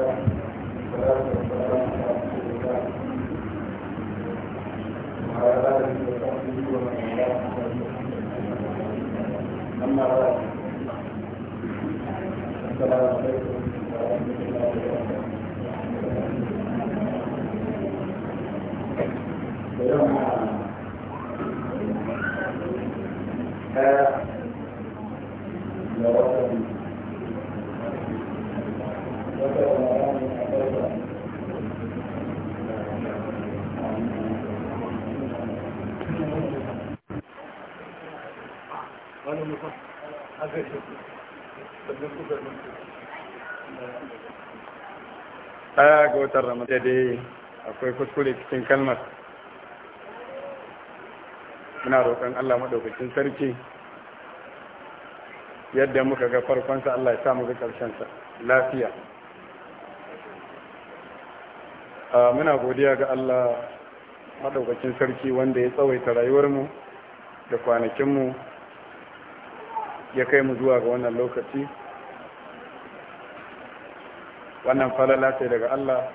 Thank you. watan ramadan dai akwai kuskure cikin kalmar muna roƙon Allah maɗaukacin sarki yadda muka ga farkonsa Allah ya samu ga ƙarshensa lafiya muna godiya ga Allah maɗaukacin sarki wanda ya tsawaita rayuwarmu da kwanakinmu ya kai mu zuwa ga wannan lokaci wannan falala sai daga Allah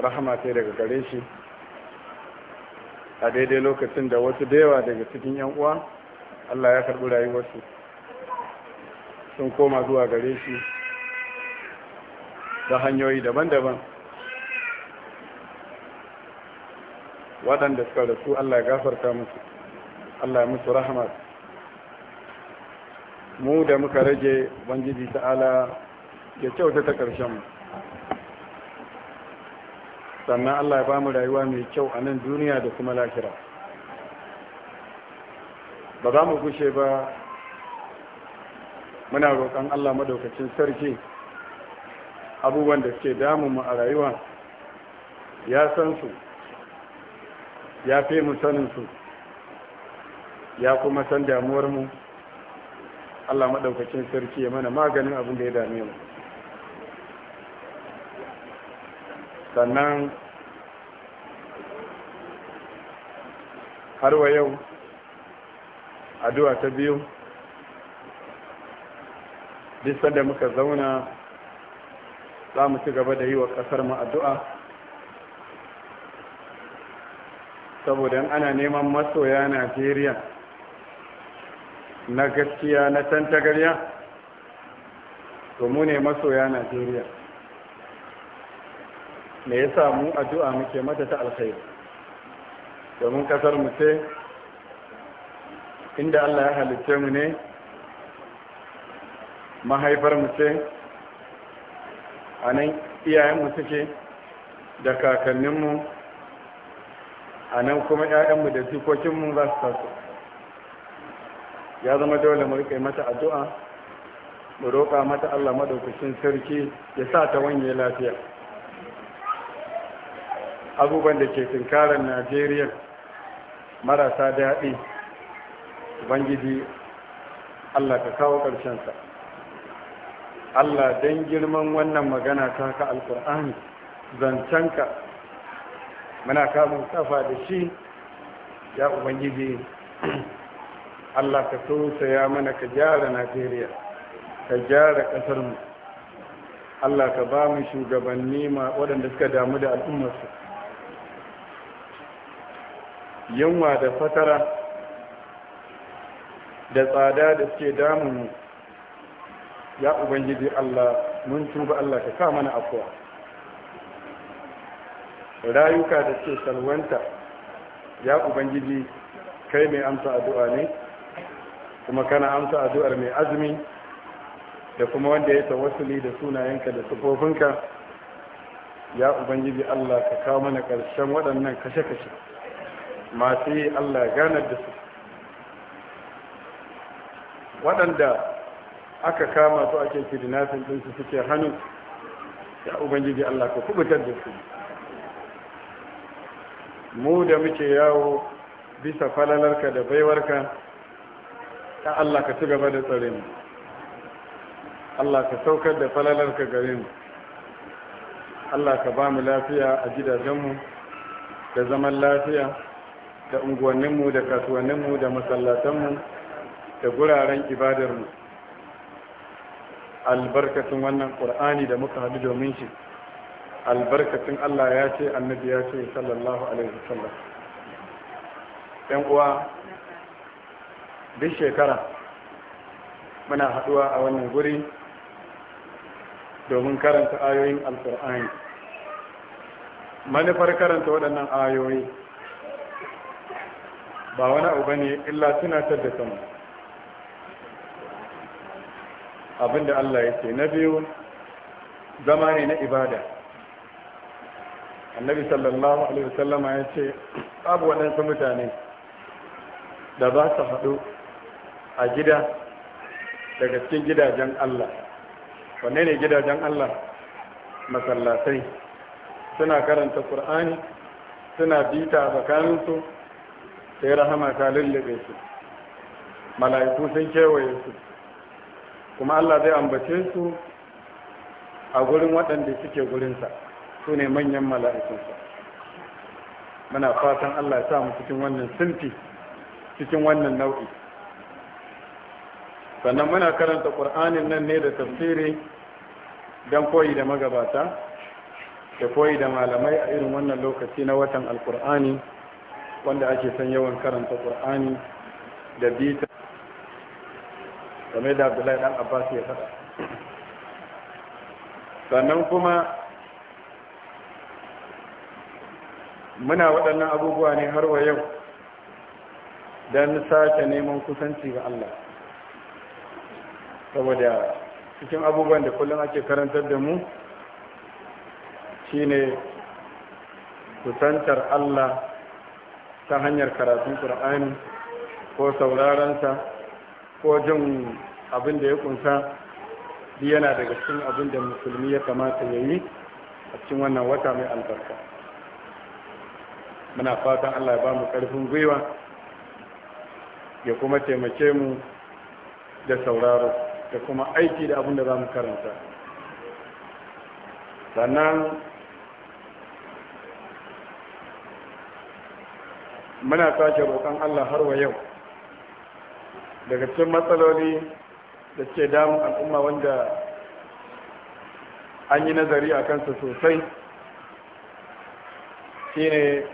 rahama ce daga gare shi a daidai lokacin da wasu da yawa daga cikin yan uwa Allah ya karɓi rayuwarsu sun koma zuwa gare shi da hanyoyi daban-daban waɗanda suka rasu Allah ya gafarta musu Allah ya musu rahama mu da muka rage ubangiji ta'ala ya kyauta ta ƙarshen mu sannan Allah ya ba mu rayuwa mai kyau a nan duniya da kuma lahira ba za mu gushe ba muna roƙon Allah maɗaukacin sarki abubuwan da suke damunmu a rayuwa ya san su ya fi mu sanin su ya kuma san damuwarmu Allah maɗaukacin sarki ya mana maganin abin da ya dame mu sannan har wa yau addu'a ta biyu duk da muka zauna za mu ci gaba da yi wa ƙasar mu addu'a saboda ana neman masoya najeriya na gaskiya na tantagarya to mu ne masoya najeriya me yasa mu addu'a muke mata ta alkhairi domin kasar mu ce inda Allah ya halitte mu ne mahaifar mu ce a nan iyayenmu suke da kakanninmu a nan kuma 'ya'yanmu da jikokinmu za su taso ya zama dole mu rike mata addu'a mu roƙa mata Allah madaukakin sarki ya sa ta wanye lafiya abubuwan da ke tunkarar najeriya marasa daɗi ubangiji allah ka kawo ƙarshensa allah don girman wannan magana ta ka alƙur'ani zancenka muna kamun kafa da shi ya ubangiji allah ka tausaya mana ka gyara najeriya ka gyara ƙasarmu allah ka ba mu shugabanni waɗanda suka damu da al'ummarsu yunwa da fatara da tsada da suke damun ya ubangiji Allah mun tuba Allah ka sa mana afuwa rayuka da suke salwanta ya ubangiji kai mai amsa addu'a ne kuma kana amsa addu'ar mai azumi da kuma wanda ya tawassuli da sunayenka da sufofinka ya ubangiji Allah ka kawo mana ƙarshen waɗannan kashe-kashe masu yi Allah ganar da su waɗanda aka kama su ake kidnapping ɗinsu suke hannu ya ubangiji Allah ka kubutar da su mu da muke yawo bisa falalarka da baiwarka ta Allah ka ci gaba da tsare mu Allah ka saukar da falalarka gare mu Allah ka ba mu lafiya a gidajenmu da zaman lafiya da unguwanninmu da kasuwanninmu da masallatanmu da guraren ibadarmu albarkacin wannan ƙur'ani da muka haɗu domin shi albarkacin Allah ya ce annabi ya ce sallallahu alaihi wasallam ɗan uwa duk shekara muna haɗuwa a wannan guri domin karanta ayoyin alƙur'ani manufar karanta waɗannan ayoyi ba wani abu bane illa tunatar da kanmu abinda Allah ya ce na biyu zama ne na ibada annabi sallallahu alaihi wasallama ya ce babu waɗansu mutane da ba su haɗu a gida daga cikin gidajen Allah wanne ne gidajen Allah masallatai suna karanta Kur'ani suna bita a tsakaninsu sai rahama ta lullube su mala'iku sun kewaye su kuma Allah zai ambace su a gurin waɗanda suke gurinsa su ne manyan mala'ikunsa muna fatan Allah ya samu cikin wannan sinfi cikin wannan nau'i sannan muna karanta ƙur'anin nan ne da tafsiri don koyi da magabata da koyi da malamai a irin wannan lokaci na watan alƙur'ani wanda ake san yawan karanta ƙur'ani da bita game da abdullahi dan abbas ya faɗa sannan kuma muna waɗannan abubuwa ne har wa yau don sake neman kusanci ga Allah saboda cikin abubuwan da kullum ake karantar da mu shine kusantar Allah ta hanyar karatun ƙur'ani ko saurarensa ko jin abin da ya kunsa bi yana daga cikin abin da musulmi ya kamata ya yi a cikin wannan wata mai albarka muna fatan allah ya ba mu ƙarfin gwiwa ya kuma taimake mu da sauraro da kuma aiki da abin da za mu karanta sannan muna sake roƙon Allah har wa yau daga cikin matsaloli da ke damun al'umma wanda an yi nazari a kansa sosai shine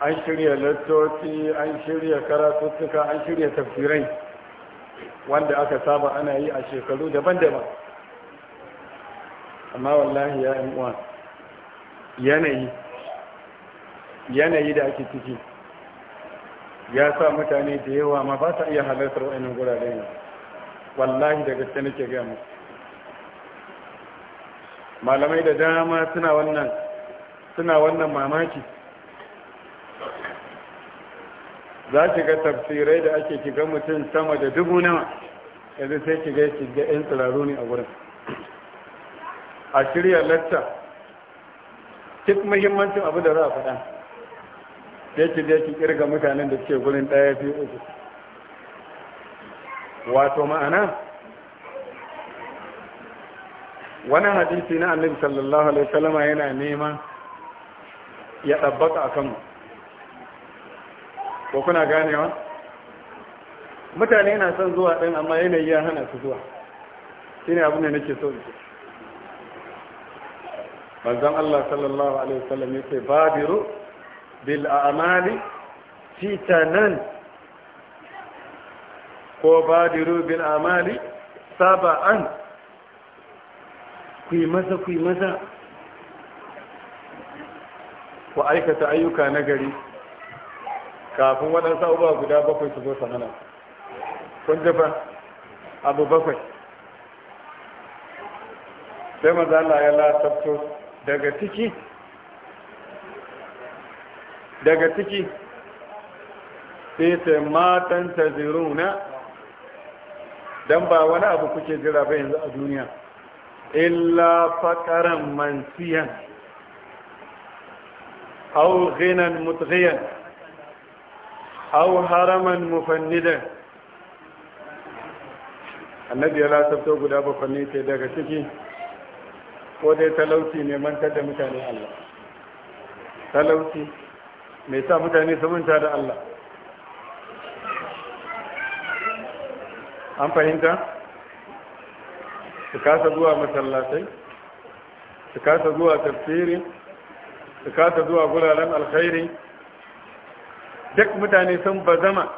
an shirya lattoci an shirya karatuttuka an shirya tafsirai wanda aka saba ana yi a shekaru daban-daban amma wallahi ya uwa yanayi yanayi da ake ciki ya sa mutane da yawa ma ba ta iya halartar wa'annan gurare ne wallahi da gaske nake gaya muku malamai da dama suna wannan suna wannan mamaki za ki ga tafsirai da ake kiga mutum sama da dubu nawa yanzu sai ki ga ki ga yan tsiraru ne a wurin a shirya latta duk muhimmancin abu da za a faɗa sai ki je ki kirga mutanen da suke gurin ɗaya fi uku wato ma'ana wani hadisi na annabi sallallahu alaihi wasallama yana nema ya ɗabbaka a kanmu ko kuna ganewa mutane na son zuwa ɗin amma yanayi ya hana su zuwa shi ne abin da nake so ce manzon Allah sallallahu alaihi wasallam ya ce babiru bil a'mali fitanan ko ba diru bil'amali? saba'an ku yi masa ku masa ku aikata ayyuka na gari kafin waɗansa uba guda bakwai su zo sanana kun jafa abu bakwai sai maza Allah ya lasabto daga ciki daga ciki sai ta matan ta ziruna don ba wani abu kuke jira ba yanzu a duniya illa faƙaran mansiyan au ghinan mutghiyan au haraman mufannidan annabi ya lasafto guda bakwanni ce daga ciki ko dai talauci neman da mutane Allah talauci mai sa mutane su manta da Allah an fahimta su kasa zuwa masallatai su kasa zuwa tafsiri su kasa zuwa guraren alkhairi duk mutane sun bazama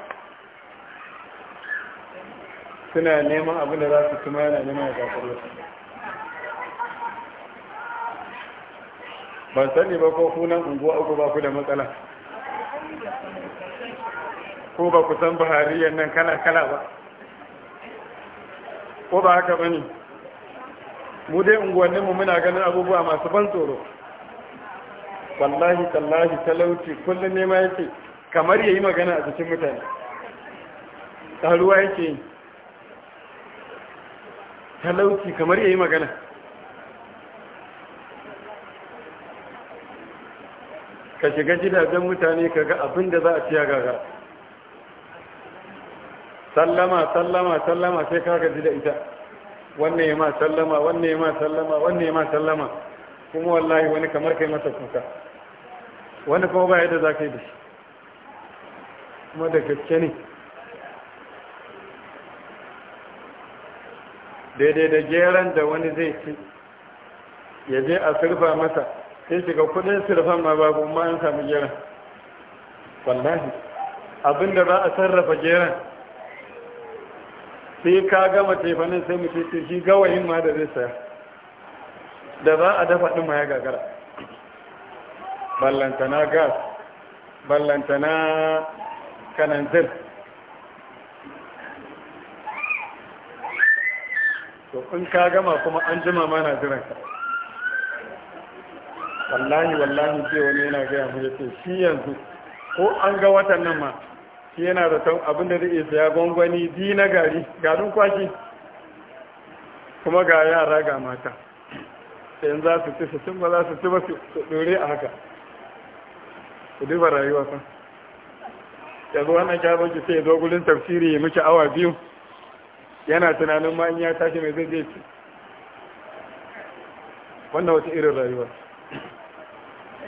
suna neman abin da za su kuma yana neman ya ban sani ba ko kunan unguwa uku ba ku da matsala ko ba ku san buhariyan nan kala-kala ba ko ba haka ba ne mu dai unguwanninmu muna ganin abubuwa masu ban tsoro wallahi tallahi talauci kullum nema yake kamar ya yi magana a cikin mutane ruwa yake talauci kamar ya yi magana ka shiga gidajen mutane ka ga abin da za a ciya gaga sallama sallama sallama sai ka gaji da ita wannan ya ma sallama wannan ya ma sallama wannan ya ma sallama kuma wallahi wani kamar kai masa kuka wani kuma ba yadda za ka yi da shi kuma da gaske ne daidai da geran da wani zai ci ya je a surfa masa sai shiga kudin sirfan ma babu ma an samu geran wallahi abinda za a sarrafa geran sai ka gama tefanin sai mu ce shi gawayin ma da zai saya da za a dafa ɗin ma ya gagara ballantana gas ballantana kananzir to in ka gama kuma an jima ma na jiranka wallahi wallahi ce wani yana gaya mu yace shi yanzu ko an ga watan nan ma shi yana da tan abin da zai saya gwangwani di na gari garin kwaki kuma ga yara ga mata sai za su ci su tun ba za su ci ba su dore a haka ku duba rayuwa fa yanzu wannan kyabon ki sai zo gurin tafsiri ya miki awa biyu yana tunanin ma in ya tashi mai zai je ci wannan wata irin rayuwa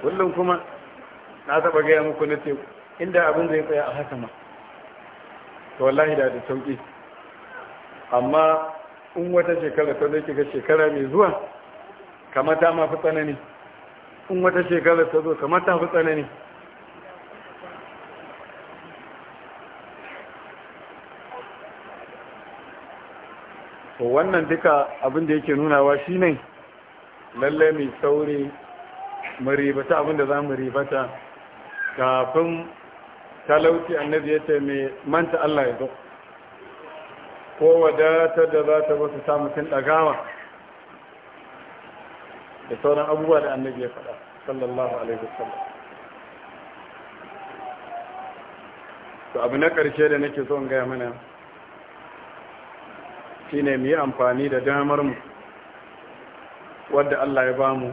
kullum kuma na taɓa gaya muku na ce inda abin zai tsaya a haka ma to wallahi da da sauƙi amma in wata shekara ta zai kiga shekara mai zuwa kamar ta mafi tsanani in wata shekara ta zo kamar ta fi tsanani to wannan duka abin da yake nunawa shine lallai mai sauri maribata abinda za mu ribata kafin talauci annabi ya ce mai manta Allah ya zo ko wadatar da za ta wasu sa mutum ɗagawa da sauran abubuwa da annabi ya faɗa sallallahu alaihi wasallam to abu na ƙarshe da nake so in gaya mana shine mu yi amfani da damar mu wadda Allah ya ba mu.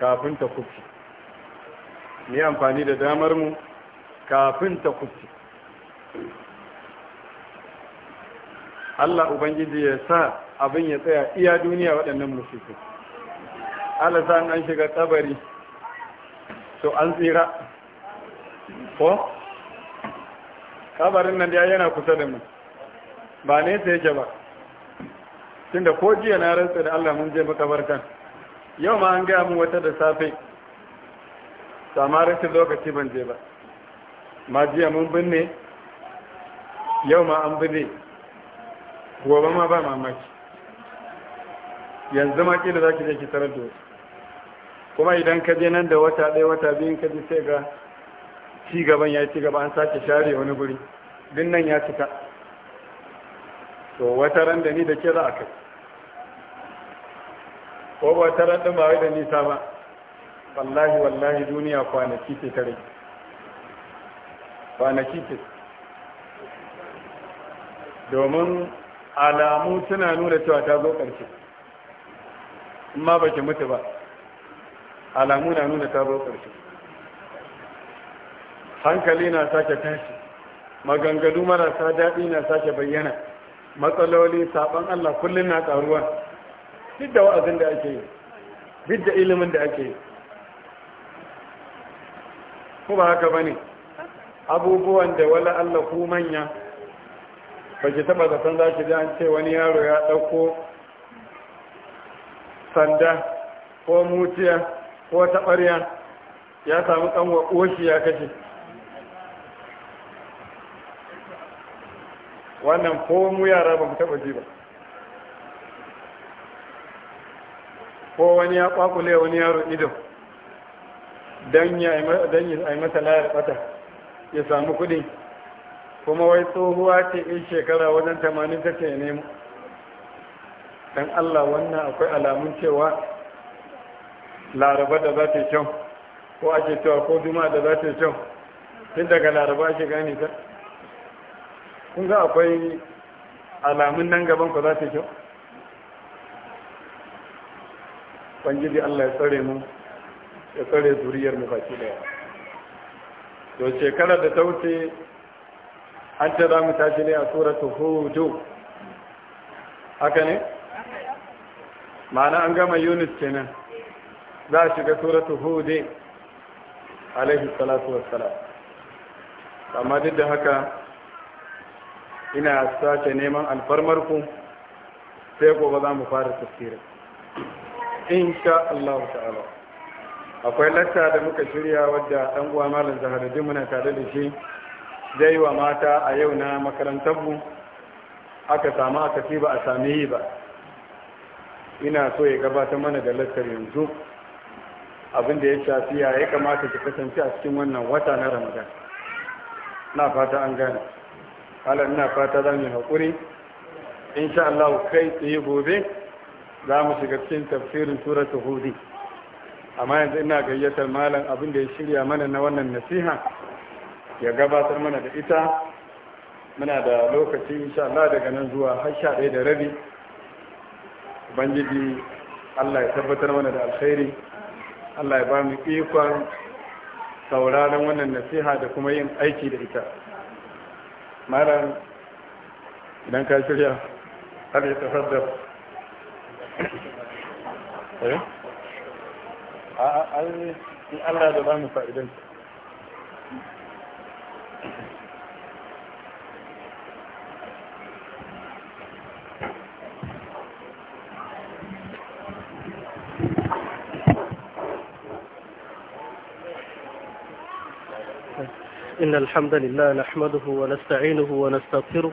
kafin ta kufi, ni amfani da damar mu kafin ta kufi. Allah Ubangiji ya sa abin ya tsaya iya duniya waɗannan musulmi Allah sa an shiga tsabari to an tsira ko kabarin nan ya yana kusa da mu ba ne sai ya ba tunda ko jiya na rantsa da Allah mun je makabartan yau ma an gaya mun wata da safe sama rashin lokaci ban je ba ma jiya mun binne yau ma an binne gobe ma ba mamaki yanzu ma kila za ki je ki tarar da wasu kuma idan ka je nan da wata ɗaya wata biyun ka ji sai ga ci gaban ya ci gaba an sake share wani guri din nan ya cika to wata ran da ni da ke za a kai ko ba ta raɗin ba wai da nisa ba wallahi wallahi duniya kwanaki ce ta rage kwanaki ce domin alamu suna nuna cewa ta zo ƙarshe in ma baki mutu ba alamu na nuna ta zo ƙarshe hankali na sake tashi maganganu marasa daɗi na sake bayyana matsaloli saɓon allah kullum na ƙaruwa duk da wa'azin da ake yi bidda ilimin da ake yi ko ba haka bane abubuwan da wala Allah ku manya ba ki taba zaton za ki ji an ce wani yaro ya ɗauko sanda ko mutiya ko taɓarya ya samu kanwa oshi ya kashe wannan ko mu yara ba mu taɓa ji ba ko wani ya kwakule wani yaro ido don ya yi masa layar bata ya samu kuɗi kuma wai tsohuwa ce in shekara wajen tamanin ta ce nemo don allah wannan akwai alamun cewa laraba da za ta kyau ko ake cewa ko juma da za ta kyau tun daga laraba ake gane ta kun ga akwai alamun nan gaban ku za ta kyau ubangiji Allah ya tsare mu ya tsare zuriyar mu baki daya to shekarar da ta wuce an ce za mu tashi ne a suratu hudu haka ne ma'ana an gama yunus kenan za a shiga suratu hudu alaihi salatu wassalam amma duk da haka ina sace neman alfarmarku sai gobe za mu fara tafsirin insha Allah ta'ala akwai latta da muka shirya wadda dan uwa malam Zaharuddin muna tare da shi zai wa mata a yau na makarantar mu aka samu aka ba a sami yi ba ina so ya gabatar mana da lattar yanzu abin da ya shafi ya ya kamata ki kasance a cikin wannan wata na Ramadan na fata an gane halar ina fata za mu yi haƙuri insha Allah kai tsaye gobe za mu shiga cikin tafsirin suratu hudi amma yanzu ina gayyatar malam abin da ya shirya mana na wannan nasiha ya gabatar mana da ita muna da lokaci insha Allah daga nan zuwa har sha ɗaya da rabi ubangiji Allah ya tabbatar mana da alkhairi Allah ya ba mu ikon sauraron wannan nasiha da kuma yin aiki da ita malam idan ka shirya har ya tafadar إيه؟ آه، آه، آه، إن الحمد لله نحمده ونستعينه ونستغفره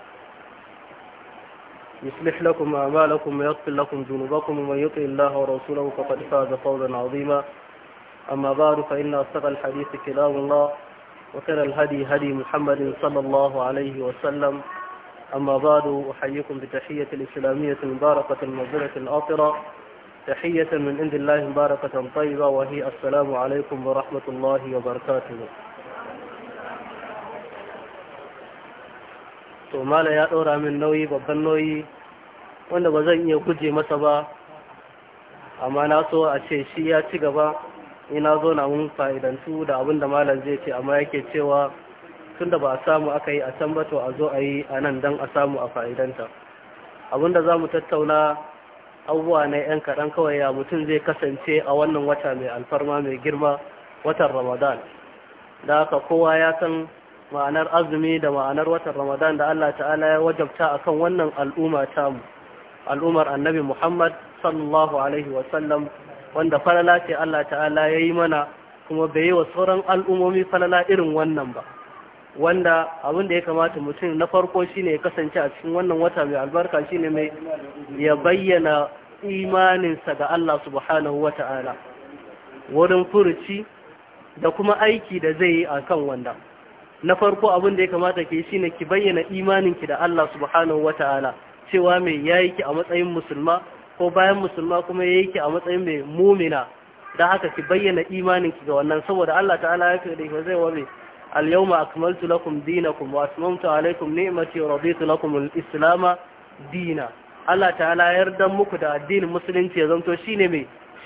يصلح لكم أعمالكم ويغفر لكم ذنوبكم ومن يطع الله ورسوله فقد فاز فوزا عظيما أما بعد فإن أصدق الحديث كلام الله وخير الهدي هدي محمد صلى الله عليه وسلم أما بعد أحييكم بتحية الإسلامية مباركة المنزلة الآطرة تحية من عند الله مباركة طيبة وهي السلام عليكم ورحمة الله وبركاته to mala ya ɗora min nauyi babban nauyi wanda ba zan iya guje masa ba amma na so a ce shi ya ci gaba ina zo na mun fa'idantu da abin da malam zai ce amma yake cewa tun da ba a samu aka yi a can ba to a zo a yi a nan don a samu a fa'idanta abin da za mu tattauna abubuwa na 'yan kaɗan kawai ya mutum zai kasance a wannan wata mai alfarma mai girma watan ramadan da haka kowa ya san ma'anar azumi da ma'anar watan ramadan da Allah ta'ala ya wajabta akan wannan al'umma mu al'ummar annabi muhammad sallallahu alaihi wasallam wanda falala ce Allah ta'ala ya yi mana kuma bai yi wa sauran al'ummomi falala irin wannan ba wanda abin da ya kamata mutum na farko shine ya kasance a cikin wannan wata mai albarka shine mai ya bayyana imaninsa ga Allah subhanahu wa ta'ala wurin furuci da kuma aiki da zai yi a kan wanda na farko abin da ya kamata ke shine ki bayyana imaninki da Allah subhanahu ta'ala cewa mai yayi ki a matsayin musulma ko bayan musulma kuma ya ki a matsayin mai mumina Da haka ki bayyana imaninki ga wannan saboda Allah ta'ala ya kare ki zai wabe al-yawma akmaltu lakum dinakum wa atmamtu alaykum ni'mati wa raditu lakum al islama dina Allah ta'ala yarda muku da addinin musulunci ya zanto shi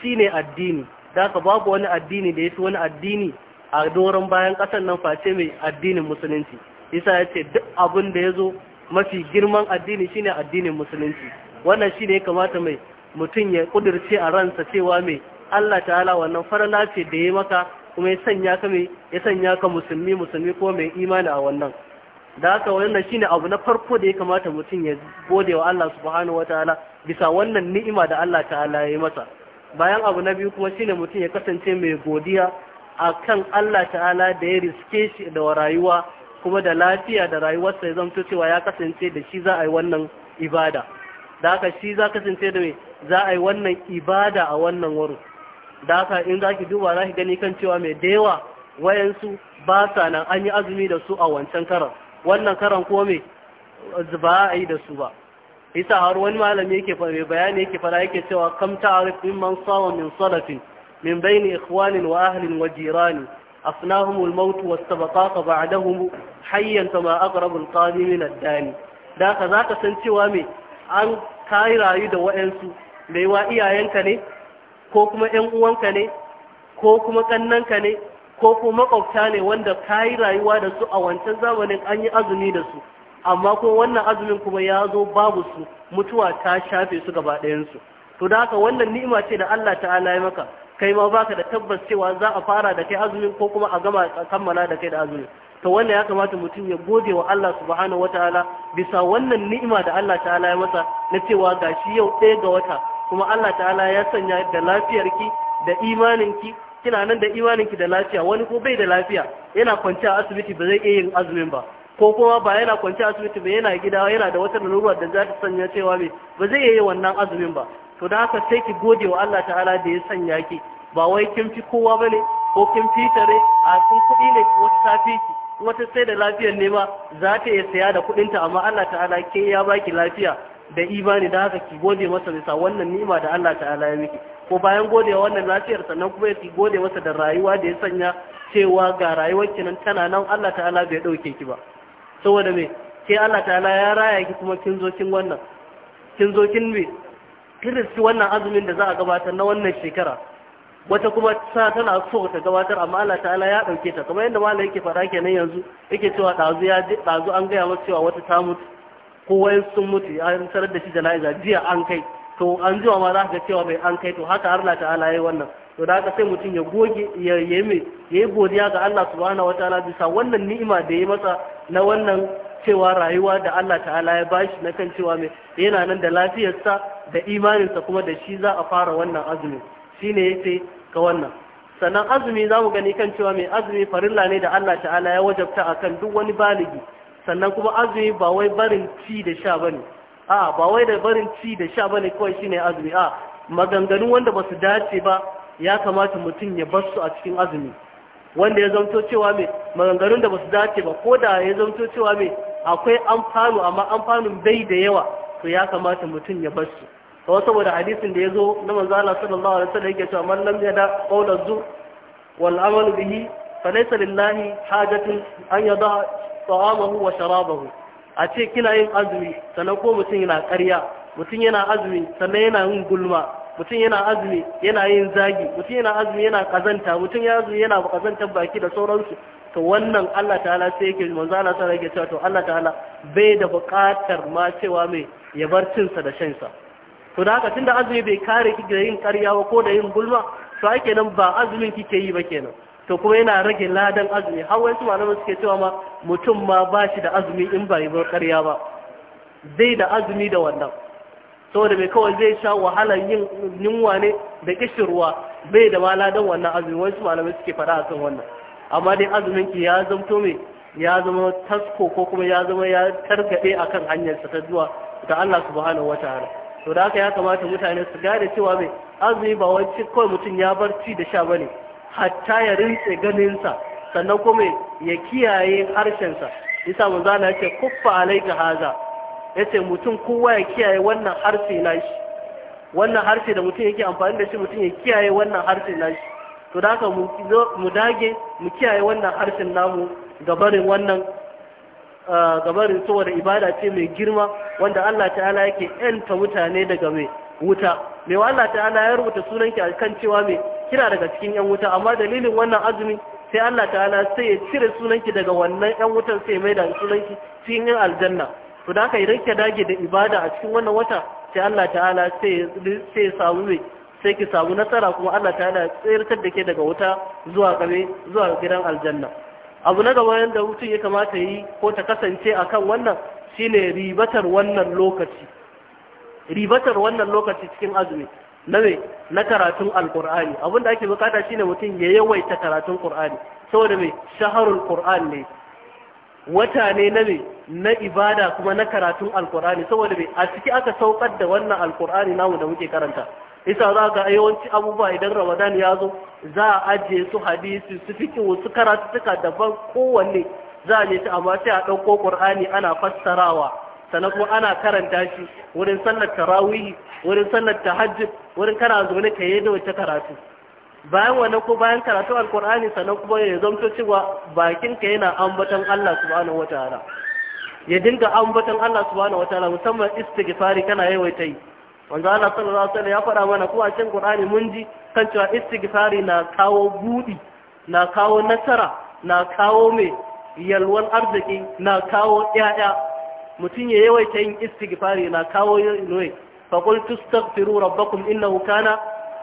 mai addini da haka babu wani addini da ya fi wani addini a doron bayan ƙasar nan face mai addinin musulunci isa ya ce duk abin da ya zo mafi girman addini shine addinin musulunci wannan shine ya kamata mai mutum ya kudirce a ransa cewa mai Allah ta'ala wannan fara ce da ya maka kuma ya sanya ka mai ya sanya ka musulmi musulmi ko mai imani a wannan da haka wannan shine abu na farko da ya kamata mutum ya gode wa Allah subhanahu wataala bisa wannan ni'ima da Allah ta'ala ya yi masa bayan abu na biyu kuma shine mutum ya kasance mai godiya a kan Allah ta'ala da ya riske shi da rayuwa kuma da lafiya da rayuwarsa ya zamto cewa ya kasance da shi za a yi wannan ibada da haka shi za kasance da mai za a yi wannan ibada a wannan wurin da haka in za ki duba za ki gani kan cewa mai da yawa wayansu ba sa nan an yi azumi da su a wancan karan wannan karan ko mai ba a yi da su ba isa har wani malami yake bayani yake fara yake cewa kam ta'arif min man sawa min salafin من بين إخوان وأهل وجيران أفناهم الموت واستبقاق بعدهم حيا فما أقرب القاضي من الداني ذاك ذاك سنتوا مي أن كاي رايو وأنسو ليوا إيا ينكني ko kuma ‘yan uwanka ne, ko kuma ne, ko makwabta ne wanda ka rayuwa da su a wancan zamanin an yi azumi da su, amma ko wannan azumin kuma ya zo babu su mutuwa ta shafe su gaba ɗayansu. To da haka wannan ni'ima ce da Allah ta'ala ya maka, kai ma baka da tabbas cewa za a fara da kai azumin ko kuma a gama kammala da kai da azumin to wannan ya kamata mutum ya gode wa Allah subhanahu wataala bisa wannan ni'ima da Allah ta'ala ya masa na cewa gashi yau ɗaya ga wata kuma Allah ta'ala ya sanya da lafiyarki da imaninki kina nan da imaninki da lafiya wani ko bai da lafiya yana kwanciya asibiti ba zai iya yin azumin ba ko kuma ba yana kwanci asibiti ba yana gida yana da wata lalura da za ta sanya cewa ba zai yi wannan azumin ba to da haka sai ki gode wa Allah ta'ala da ya sanya ki ba wai kin fi kowa bane ko kin tare a kun kuɗi ne wata fi ki wata sai da lafiyar nema za ta iya saya da kuɗinta amma Allah ta'ala ke ya baki lafiya da imani da haka ki gode masa bisa wannan ni'ima da Allah ta'ala ya miki ko bayan gode wa wannan lafiyar sannan kuma ki gode masa da rayuwa da ya sanya cewa ga rayuwar ki nan tana nan Allah ta'ala bai dauke ki ba saboda me ke Allah ta'ala ya raya ki kuma kin zo kin wannan kin zo kin me kiristi wannan azumin da za a gabatar na wannan shekara wata kuma ta tana so ta gabatar amma Allah ta'ala ya dauke ta kamar yadda malai yake fara kenan yanzu yake cewa dazu ya dazu an gaya masa cewa wata ta mutu ko wai sun mutu an sanar da shi jana'iza jiya an kai to an jiwa ma za ka cewa bai an kai to haka Allah ta'ala yayi wannan to da haka sai mutum ya goge ya yi godiya ga Allah subhanahu wataala bisa wannan ni'ima da ya masa na wannan cewa rayuwa da Allah ta'ala ya bashi na kan cewa mai yana nan da lafiyarsa da imaninsa kuma da shi za a fara wannan azumi shine yace ka wannan sannan azumi za mu gani kan cewa mai azumi farilla ne da Allah ta'ala ya wajabta a kan duk wani baligi sannan kuma azumi ba wai barin ci da sha bane a ba wai da barin ci da sha bane kawai shine azumi a maganganun wanda ba su dace ba ya kamata mutum ya bar su a cikin azumi wanda ya zamto cewa mai maganganun da ba su dace ba ko da ya zamto cewa mai akwai amfanu amma amfanun bai da yawa to ya kamata mutum ya bar su to saboda hadisin da ya zo na manzo Allah sallallahu alaihi wasallam yake cewa man lam yada qawla zu wal amal bihi laysa lillahi hajatu an yada ta'amahu wa sharabahu a ce kina yin azumi sannan ko mutum yana ƙarya mutum yana azumi sannan yana yin gulma mutum yana azumi yana yin zagi mutum yana azumi yana kazanta mutum ya azumi yana kazantar baki da sauransu to wannan Allah ta'ala sai yake manzo Allah wasallam yake cewa to Allah ta'ala bai da buƙatar ma cewa mai ya bar cinsa da shansa to da haka tunda azumi bai kare ki da yin karya ba ko da yin gulma to ake nan ba azumin kike yi ba kenan to kuma yana rage ladan azumi har wani su malaman suke cewa ma mutum ma ba shi da azumi in ba yi ba karya ba zai da azumi da wannan saboda mai kawai zai sha wahalar yin yunwa ne da kishirwa bai da ma ladan wannan azumi wani su suke faɗa a kan wannan amma dai azumin ki ya zamto mai ya zama tasko ko kuma ya zama ya targaɗe akan hanyarsa ta zuwa ga Allah subhanahu wataala to da haka ya kamata mutane su gane cewa mai azumi ba wai kawai mutum ya bar ci da sha bane hatta ya rintse ganinsa sannan kuma ya kiyaye harshensa isa mun zana yace kuffa alayka haza yace mutum kowa ya kiyaye wannan harshe nashi wannan harshe da mutum yake amfani da shi mutum ya kiyaye wannan harshe nashi to da haka mu dage mu kiyaye wannan harshen namu ga barin wannan gaban rinsuwa da ibada ce mai girma wanda Allah ta'ala yake ‘yanta mutane daga mai wuta mai wa Allah ta'ala ya rubuta sunanki a kan cewa mai kira daga cikin ‘yan wuta amma dalilin wannan azumi sai Allah ta'ala sai ya cire sunanki daga wannan ‘yan wutan sai mai da sunanki cikin ‘yan aljanna to da haka idan ki dage da ibada a cikin wannan wata sai Allah ta'ala sai ya samu mai sai ki samu nasara kuma Allah ta'ala ya tsayar da ke daga wuta zuwa zuwa gidan aljanna abu na gaba yadda mutum ya kamata yi ko ta kasance a kan wannan shine ribatar wannan lokaci ribatar wannan lokaci cikin azumi na me na karatun alkurani abin da ake bukata shine mutum ya yawaita karatun qur'ani saboda me shaharul qur'an ne wata ne na me na ibada kuma na karatun alkurani saboda me a ciki aka saukar da wannan alkur'ani namu da muke karanta isa za ga yawanci abubuwa idan ramadan ya zo za a ajiye su hadisi su fiki wasu karatuka daban kowanne za a ta amma sai a ɗauko ƙur'ani ana fassarawa sannan kuma ana karanta shi wurin sallar tarawihi wurin sallar tahajjud wurin kana zaune ka yi da wata karatu bayan wannan ko bayan karatu alƙur'ani sannan kuma ya zamto cewa bakin ka yana ambaton Allah subhanahu wataala ya dinga ambaton Allah subhanahu wataala musamman istighfari kana yawaita yi wanda Allah sallallahu alaihi wasallam ya faɗa mana ko a cikin Qur'ani mun ji kan cewa istighfari na kawo budi na kawo nasara na kawo mai yalwan arziki na kawo ƴaƴa mutum ya yawaita yin istighfari na kawo ne fa qul tastaghfiru rabbakum innahu kana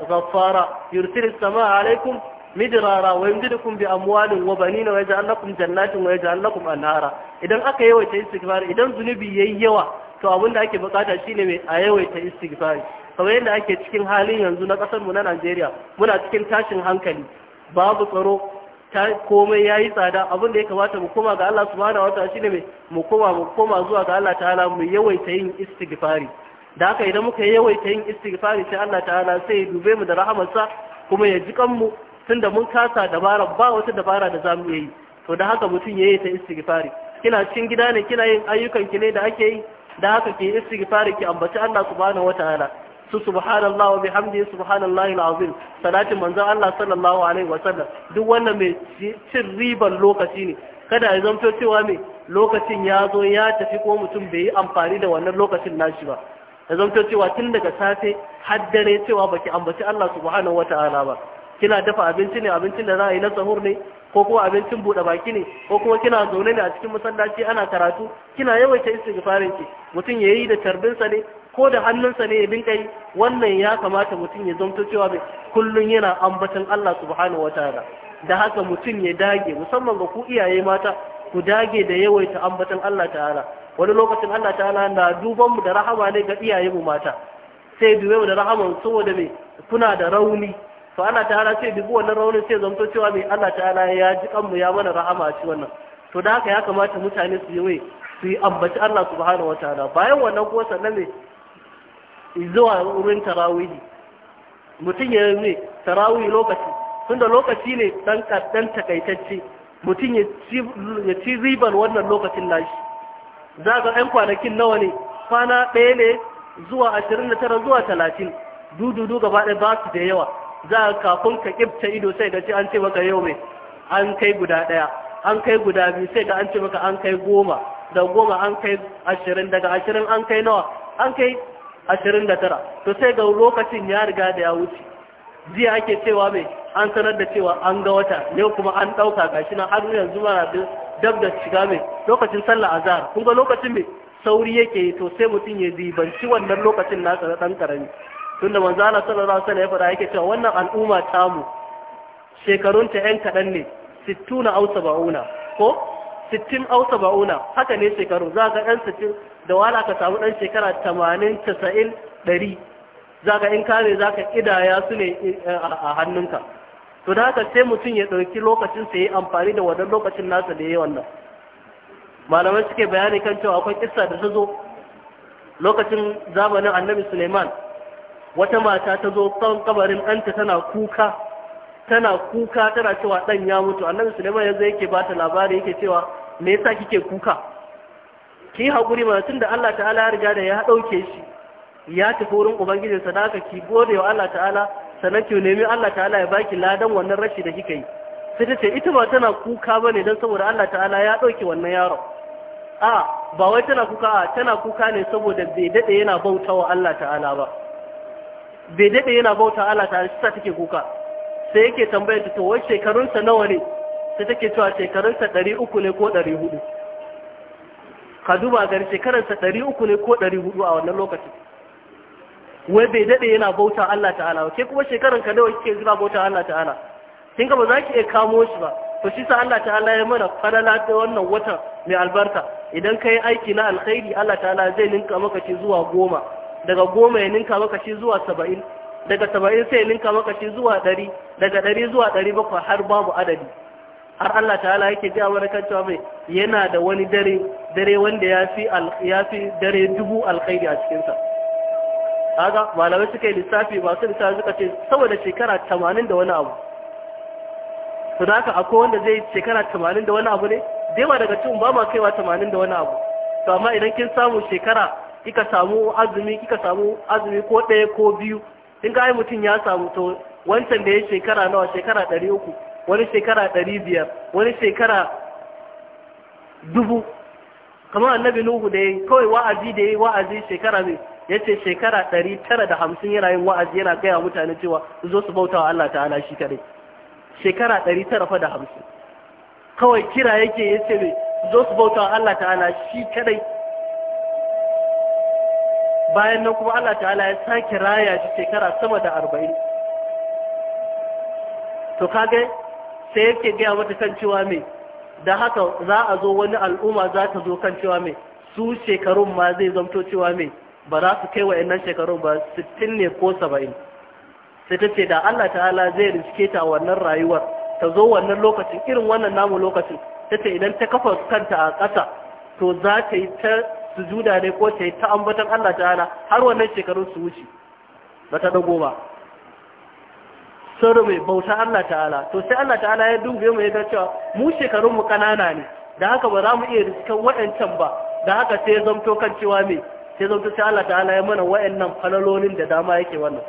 ghaffara yursilu samaa alaikum midrara wa yumdidukum bi amwalin wa banin wa yaj'al lakum jannatin wa yaj'al lakum anhara idan aka yawaita istighfari idan zunubi yayi yawa to da ake bukata shine mai a yawaita istighfari kamar yadda ake cikin halin yanzu na kasar mu na Najeriya muna cikin tashin hankali babu tsaro komai yayi tsada da ya kamata mu koma ga Allah subhanahu wataala shine mai mu koma mu koma zuwa ga Allah ta'ala mu yawaita yin istighfari da haka idan muka yawaita yin istighfari sai Allah ta'ala sai ya dube mu da rahamarsa kuma ya ji kanmu tunda mun kasa dabara ba wata dabara da zamu yi to da haka mutum yayi ta istighfari kina cikin gida ne kina yin ayyukan ki ne da ake yi da haka ke istighfari ki ambaci Allah subhanahu wataala su subhanallah wa bihamdihi subhanallahi alazim salatin manzon Allah sallallahu alaihi wasallam duk wannan mai cin riban lokaci ne kada ya zanto cewa mai lokacin ya zo ya tafi ko mutum bai yi amfani da wannan lokacin nashi ba ya zanto cewa tun daga safe har dare cewa baki ambaci Allah subhanahu wataala ba kina dafa abinci ne abincin da za a yi na sahur ne ko kuma abincin buɗe baki ne ko kuma kina zaune ne a cikin masallaci ana karatu kina yawaita istighfarin ki mutum yayi da tarbinsa ne ko da hannunsa ne ya dinka yi wannan ya kamata mutum ya zanto cewa bai kullun yana ambatan Allah subhanahu wataala da haka mutum ya dage musamman ga ku iyaye mata ku dage da yawaita ambatan Allah ta'ala wani lokacin Allah ta'ala na duban mu da rahama ne ga iyaye mu mata sai duwe mu da rahama saboda me kuna da rauni to Allah ta'ala sai dubu wannan raunin sai zanto cewa mai Allah ta'ala ya ji kanmu ya mana rahama a ci wannan to da haka ya kamata mutane su yi wai su yi ambaci Allah subhanahu wataala bayan wannan kuma sannan ne zuwa wurin tarawihi mutum ya yi tarawihi lokaci tunda lokaci ne dan kaddan takaitacce mutum ya ci ribar wannan lokacin nashi za ga ɗan kwanakin nawa ne kwana ɗaya ne zuwa ashirin da tara zuwa talatin dududu gaba ɗaya ba su da yawa za a kafin ka kibta ido sai ga ce an ce maka yau mai an kai guda ɗaya an kai guda biyu sai ga an ce maka an kai goma da goma an kai ashirin daga ashirin an kai nawa an kai ashirin da tara to sai ga lokacin ya riga da ya wuce jiya ake cewa mai an sanar da cewa an ga wata yau kuma an ɗauka gashi na har yanzu mara dab da shiga mai lokacin sallah azhar kun ga lokacin mai sauri yake to sai mutum ya zibanci wannan lokacin nasa na ɗan karami tunda manzo Allah sallallahu alaihi wasallam ya faɗa yake cewa wannan al'umma ta mu shekarun ta yan kadan ne 60 aw 70 ko 60 aw 70 haka ne shekaru za ka ɗan 60 da wala ka samu ɗan shekara 80 90 100 za ka in kare za ka idaya su ne eh, eh, a hannunka to da haka sai mutum ya ɗauki lokacin sa yi amfani da wannan lokacin nasa da yayi wannan malaman suke bayani kan cewa akwai kissa da ta zo lokacin zamanin annabi suleiman wata mata ta zo kan kabarin ɗanta tana kuka tana kuka tana cewa ɗan ya mutu annabi suleiman yanzu yake ba ta labari yake cewa me yasa kike kuka ki haƙuri mana tunda Allah ta'ala ya riga da ya ɗauke shi ya tafi wurin sa da aka ki gode wa Allah ta'ala sannan ki nemi Allah ta'ala ya baki ladan wannan rashi da kika yi sai ta ce ita ba tana kuka bane dan saboda Allah ta'ala ya ɗauke wannan yaron a ba wai tana kuka a tana kuka ne saboda bai daɗe yana bautawa Allah ta'ala ba bai daɗe yana bauta Allah ta sa take kuka sai yake tambayar ta to wai shekarunsa nawa ne sai take cewa shekarunsa ɗari uku ne ko ɗari hudu ka duba gari shekarunsa ɗari uku ne ko ɗari hudu a wannan lokacin wai bai daɗe yana bauta Allah ta'ala ke kuma shekarunka nawa kike zuba bauta Allah ta'ala kin ga ba za ki iya kamo shi ba to shi sa Allah ta'ala ya mana falala ta wannan watan mai albarka idan ka yi aiki na alkhairi Allah ta'ala zai ninka maka shi zuwa goma daga goma ya ninka makashi zuwa saba'in daga saba'in sai ya ninka makashi zuwa ɗari daga ɗari zuwa ɗari bakwai har babu adadi har Allah ta'ala yake ji a wani kan cewa mai yana da wani dare dare wanda ya fi dare dubu alkhairi a cikinsa haka malamai suka yi lissafi ba su lissafi suka ce saboda shekara tamanin da wani abu su da haka akwai wanda zai shekara tamanin da wani abu ne da yawa daga cikin ba ma kaiwa tamanin da wani abu to amma idan kin samu shekara kika samu azumi kika samu azumi ko ɗaya ko biyu in ga mutum ya samu to wancan da ya shekara nawa shekara ɗari uku wani shekara ɗari biyar wani shekara dubu kamar annabi nuhu da yayi kawai wa'azi da yayi wa'azi shekara mai ya ce shekara ɗari tara da hamsin yana yin wa'azi yana gaya mutane cewa zo su bauta wa Allah ta'ala shi kadai shekara ɗari tara fa da hamsin kawai kira yake ya ce zo su bauta wa Allah ta'ala shi kadai bayan nan kuma Allah ta'ala ya sake raya shi shekara sama da arba'in to kage sai yake gaya mata kan cewa mai da haka za a zo wani al'umma za ta zo kan cewa mai su shekarun ma zai zamto cewa mai ba za su kai wa'annan shekarun ba sittin ne ko saba'in sai ta ce da Allah ta'ala zai riske ta wannan rayuwar ta zo wannan lokacin irin wannan namu lokacin ta ce idan ta kafa kanta a ƙasa to za ta yi ta sujuda ne ko ta yi ta ambatan Allah ta'ala har wannan shekarun su wuce ba ta dago ba sun bauta Allah ta'ala to sai Allah ta'ala ya dube mu ya ga cewa mu shekarun mu kanana ne da haka ba za mu iya riskan waɗancan ba da haka sai ya zamto kan cewa me sai zamto sai Allah ta'ala ya mana waɗannan falalolin da dama yake wannan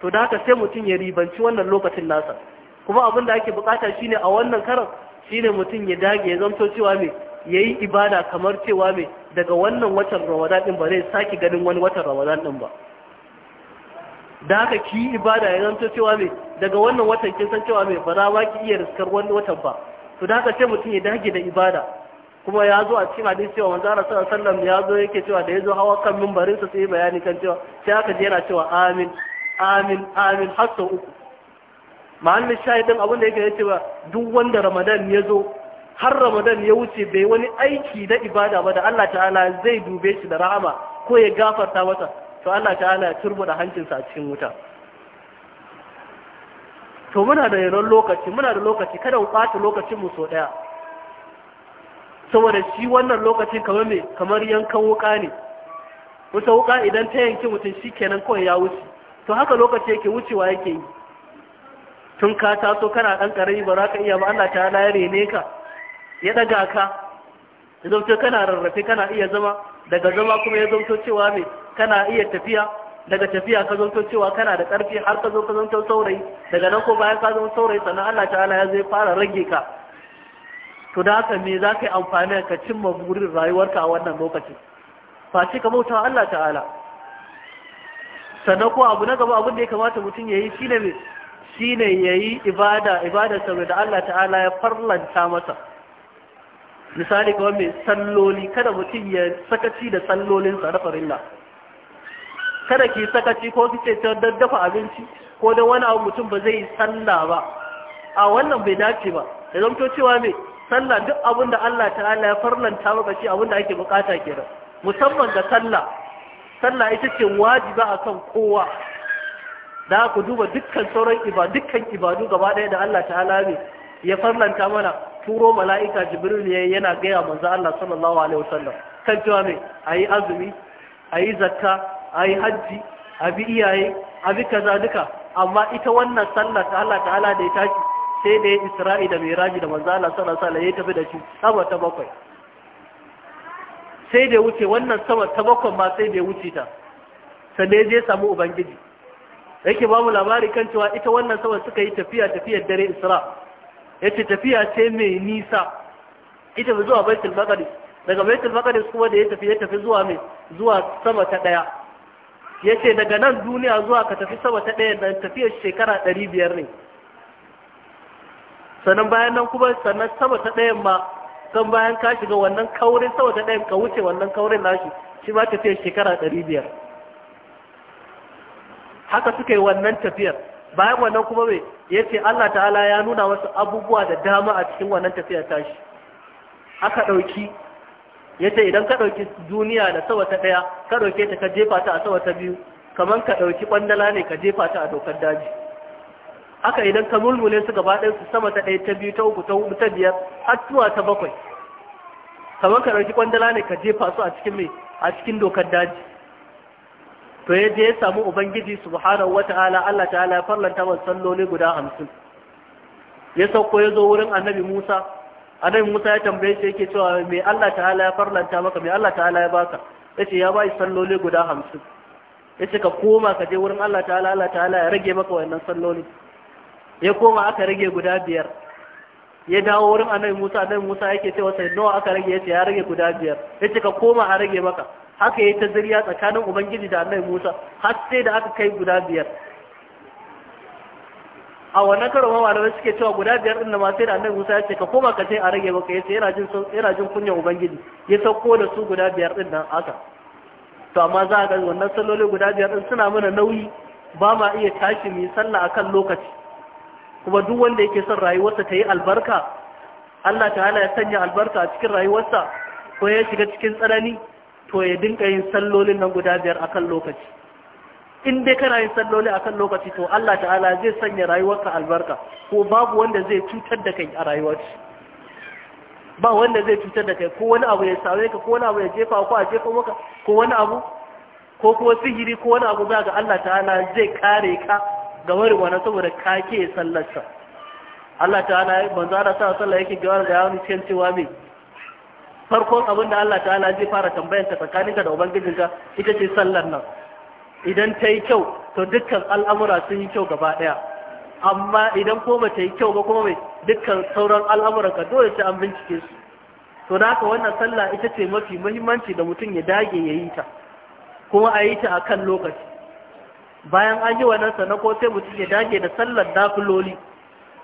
to da haka sai mutum ya ribanci wannan lokacin nasa kuma abin da ake bukata shine a wannan karan shine mutum ya dage ya zamto cewa me yayi ibada kamar cewa me daga wannan watan ramadan din ba zai saki ganin wani watan ramadan din ba da haka ki ibada ya zanto cewa mai daga wannan watan kin san cewa mai ba za ma ki iya riskar wani watan ba to da haka sai mutum ya dage da ibada kuma ya zo a cikin hadisi cewa manzo Allah sallallahu alaihi wasallam ya zo yake cewa da ya zo hawa kan mimbarin sa sai bayani kan cewa sai aka je yana cewa amin amin amin har sau uku ma'anin shahidin abin da yake cewa duk wanda ramadan ya zo har ramadan ya wuce bai wani aiki da ibada ba da Allah ta'ala zai dube shi da rahama ko ya gafarta masa to Allah ta'ala ya turbo da hancinsa a cikin wuta to muna da yaron lokaci muna da lokaci kada mu ɓata lokacin mu so ɗaya saboda shi wannan lokacin kamar me kamar yankan wuka ne wuta wuka idan ta yanki mutum shi kenan kawai ya wuce to haka lokaci yake wucewa yake yi tun ka taso kana ɗan ƙarami ba za ka iya ba Allah Ta'ala ya rene ka ya daga ka ya zauce kana rarrafe kana iya zama daga zama kuma ya zauce cewa mai kana iya tafiya daga tafiya ka zauce cewa kana da ƙarfi har ka zo ka saurayi daga nan ko bayan ka zama saurayi sannan Allah ta'ala ya zai fara rage ka to da haka me za ka yi amfani ka cimma burin rayuwarka a wannan lokacin face ka bauta Allah ta'ala sannan ko abu na gaba abin da ya kamata mutum ya yi shine ne shine ya yi ibada ibada saboda Allah ta'ala ya farlanta masa misali kawai mai salloli kada mutum ya sakaci da sallolinsa na farilla kada ki sakaci ko ki ta daddafa abinci ko da wani abu mutum ba zai yi sallah ba a wannan bai dace ba da zamto cewa mai salla duk abin da Allah ta'ala ya farlanta maka shi abin da ake bukata kenan musamman ga salla, salla ita ce wajiba akan kowa da ku duba dukkan sauran ibadu dukkan ibadu gaba ɗaya da Allah ta'ala ya farlanta mana turo mala'ika jibril ya yana gaya manzo Allah sallallahu alaihi wasallam kan cewa me ayi azumi ayi zakka ayi hajji abi iyaye abi kaza duka amma ita wannan sallah ta Allah ta'ala da ya tashi sai da isra'i da miraji da manzo Allah sallallahu alaihi wasallam ya tafi da shi sama ta bakwai sai da wuce wannan sama ta bakwai ma sai da wuce ta sannan ya je samu ubangiji yake ba mu labari kan cewa ita wannan sama suka yi tafiya tafiyar dare isra'i yace tafiya ce mai nisa ita ba zuwa baitul maqdis daga baitul maqdis kuma da ya tafi ya tafi zuwa mai zuwa sama ta daya yace daga nan duniya zuwa ka tafi sama ta daya dan tafiyar shekara 500 ne sannan bayan nan kuma sannan sama ta dayan ma kan bayan ka shiga wannan kaurin sama ta dayan ka wuce wannan kaurin nashi shi ma tafiyar shekara 500 haka suka yi wannan tafiyar bayan wannan kuma me ce Allah ta'ala ya nuna wasu abubuwa da dama a cikin wannan tafiya tashi aka Ya ce idan ka ɗauki duniya da sawa ta ɗaya ka ɗauke ta ka jefa ta a sawa ta biyu Kamar ka ɗauki ƙwandala ne ka jefa ta a dokar daji haka idan ka mulmule su gaba ɗaya su sama ta ɗaya ta biyu ta uku ta hudu ta biyar har zuwa ta bakwai Kamar ka ɗauki ƙwandala ne ka jefa su a cikin mai a cikin dokar daji to ya je ya samu ubangiji subhanahu wata'ala Allah ta'ala ya farlanta wa salloli guda hamsin ya sauko ya zo wurin annabi Musa annabi Musa ya tambaye shi yake cewa me Allah ta'ala ya farlanta maka me Allah ta'ala ya baka yace ya bai salloli guda hamsin yace ka koma ka je wurin Allah ta'ala Allah ta'ala ya rage maka wannan salloli ya koma aka rage guda biyar ya dawo wurin annabi Musa annabi Musa yake cewa sai nawa aka rage yace ya rage guda biyar yace ka koma a rage maka haka yayi ta zariya tsakanin ubangiji da annabi Musa har sai da aka kai guda biyar a wannan karo ma suke cewa guda biyar din ma sai da annabi Musa ya ce ka koma ka sai a rage maka yace yana jin yana jin kunyar ubangiji ya sauko da su guda biyar din nan haka to amma za ga wannan salloli guda biyar din suna mana nauyi ba ma iya tashi mu sallah akan lokaci kuma duk wanda yake son rayuwarsa ta yi albarka Allah ta'ala ya sanya albarka a cikin rayuwarsa ko ya shiga cikin tsanani to ya dinka yin sallolin nan guda biyar a kan lokaci in dai kana yin salloli kan lokaci to Allah ta'ala zai sanya rayuwarka albarka ko babu wanda zai cutar da kai a rayuwarki ba wanda zai cutar da kai ko wani abu ya same ka ko wani abu ya jefa ko a jefa maka ko wani abu ko kuma sihiri ko wani abu za ga Allah ta'ala zai kare ka ga wani wani saboda ka ke sallarsa Allah ta'ala manzo Allah sallallahu alaihi wasallam yake gawar da yawon cewa me farkon abin da Allah ta'ala zai fara ta ka tsakaninka da ubangijinka ita ce sallar nan idan ta yi kyau to dukkan al'amura sun yi kyau gaba ɗaya amma idan ko ba ta yi kyau ba kuma mai dukkan sauran al'amuran ka dole sai an bincike su to da haka wannan sallah ita ce mafi muhimmanci da mutum ya dage ya yi ta kuma a yi ta a kan lokaci bayan an yi wannan sana ko sai mutum ya dage da sallar dafiloli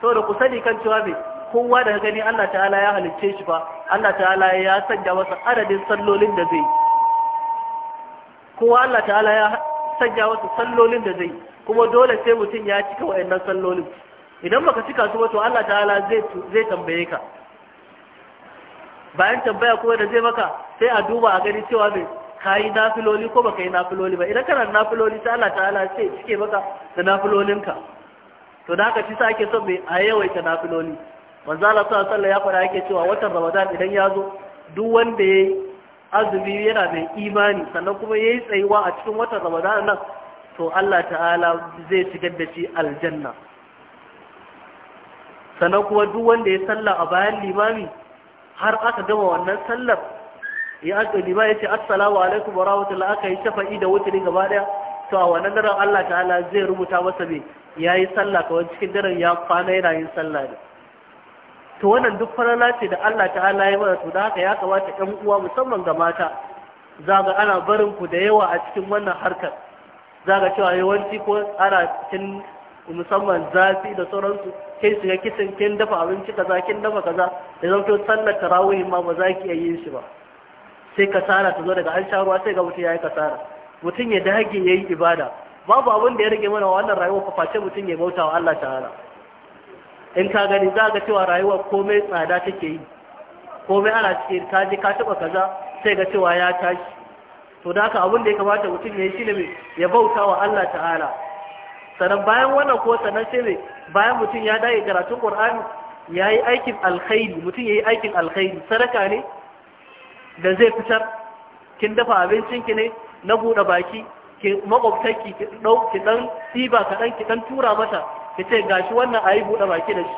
saboda ku sani kan cewa mai kowa daga gani Allah ta'ala ya halicce shi ba, Allah ta'ala ya sanya masa adadin sallolin da zai kowa Allah ta'ala ya sanya masa sallolin da zai kuma dole sai mutum ya cika wa'annan sallolin idan baka cika su ba to Allah ta'ala zai zai tambaye ka bayan tambaya kuma da zai maka sai a duba a gani cewa mai yi nafiloli ko baka yi nafiloli ba idan kana nafiloli sai Allah ta'ala sai cike maka da nafilolinka to da haka ci sa ake son mai a yawaita nafiloli manzo Allah sallallahu alaihi ya fara yake cewa watan Ramadan idan ya zo duk wanda yayi azumi yana da imani sannan kuma yayi tsayuwa a cikin watan Ramadan nan to Allah ta'ala zai shigar da shi aljanna sannan kuma duk wanda ya salla a bayan limami har aka gama wannan sallar ya aka liba ya ce assalamu alaikum wa rahmatullahi aka yi shafa'i da wuturi gaba daya to a wannan daren Allah ta'ala zai rubuta masa me yayi sallah kawai cikin daren ya kwana yana yin sallah ne to wannan duk farala ce da Allah ta'ala ya mana to da haka ya kamata ƴan uwa musamman ga mata zaga ana barin ku da yawa a cikin wannan harkar zaga cewa yawanci ko ana cikin musamman zafi da sauransu kai su ga kitin kin dafa abinci kaza kin dafa kaza da zan to sallar tarawih ma ba za ki yi shi ba sai kasara ta zo daga an sha sai ga mutum yayi kasara mutum ya dage yayi ibada babu abin da ya rage mana wannan rayuwa fa face mutum ya bauta wa Allah ta'ala in ka gani za ga cewa rayuwar komai tsada take yi komai ana cikin ka je ka taba kaza sai ga cewa ya tashi to da haka abin da ya kamata mutum ya yi mai ya bauta wa Allah ta'ala sannan bayan wannan ko sannan sai mai bayan mutum ya dage karatun Qur'ani ya yi aikin alkhairi mutum ya yi aikin alkhairi sadaka ne da zai fitar kin dafa abincin ki ne na buɗe baki ki makwabtarki ki ɗau ki ɗan ka kaɗan ki ɗan tura mata ki ce gashi wannan ayi buɗe baki da shi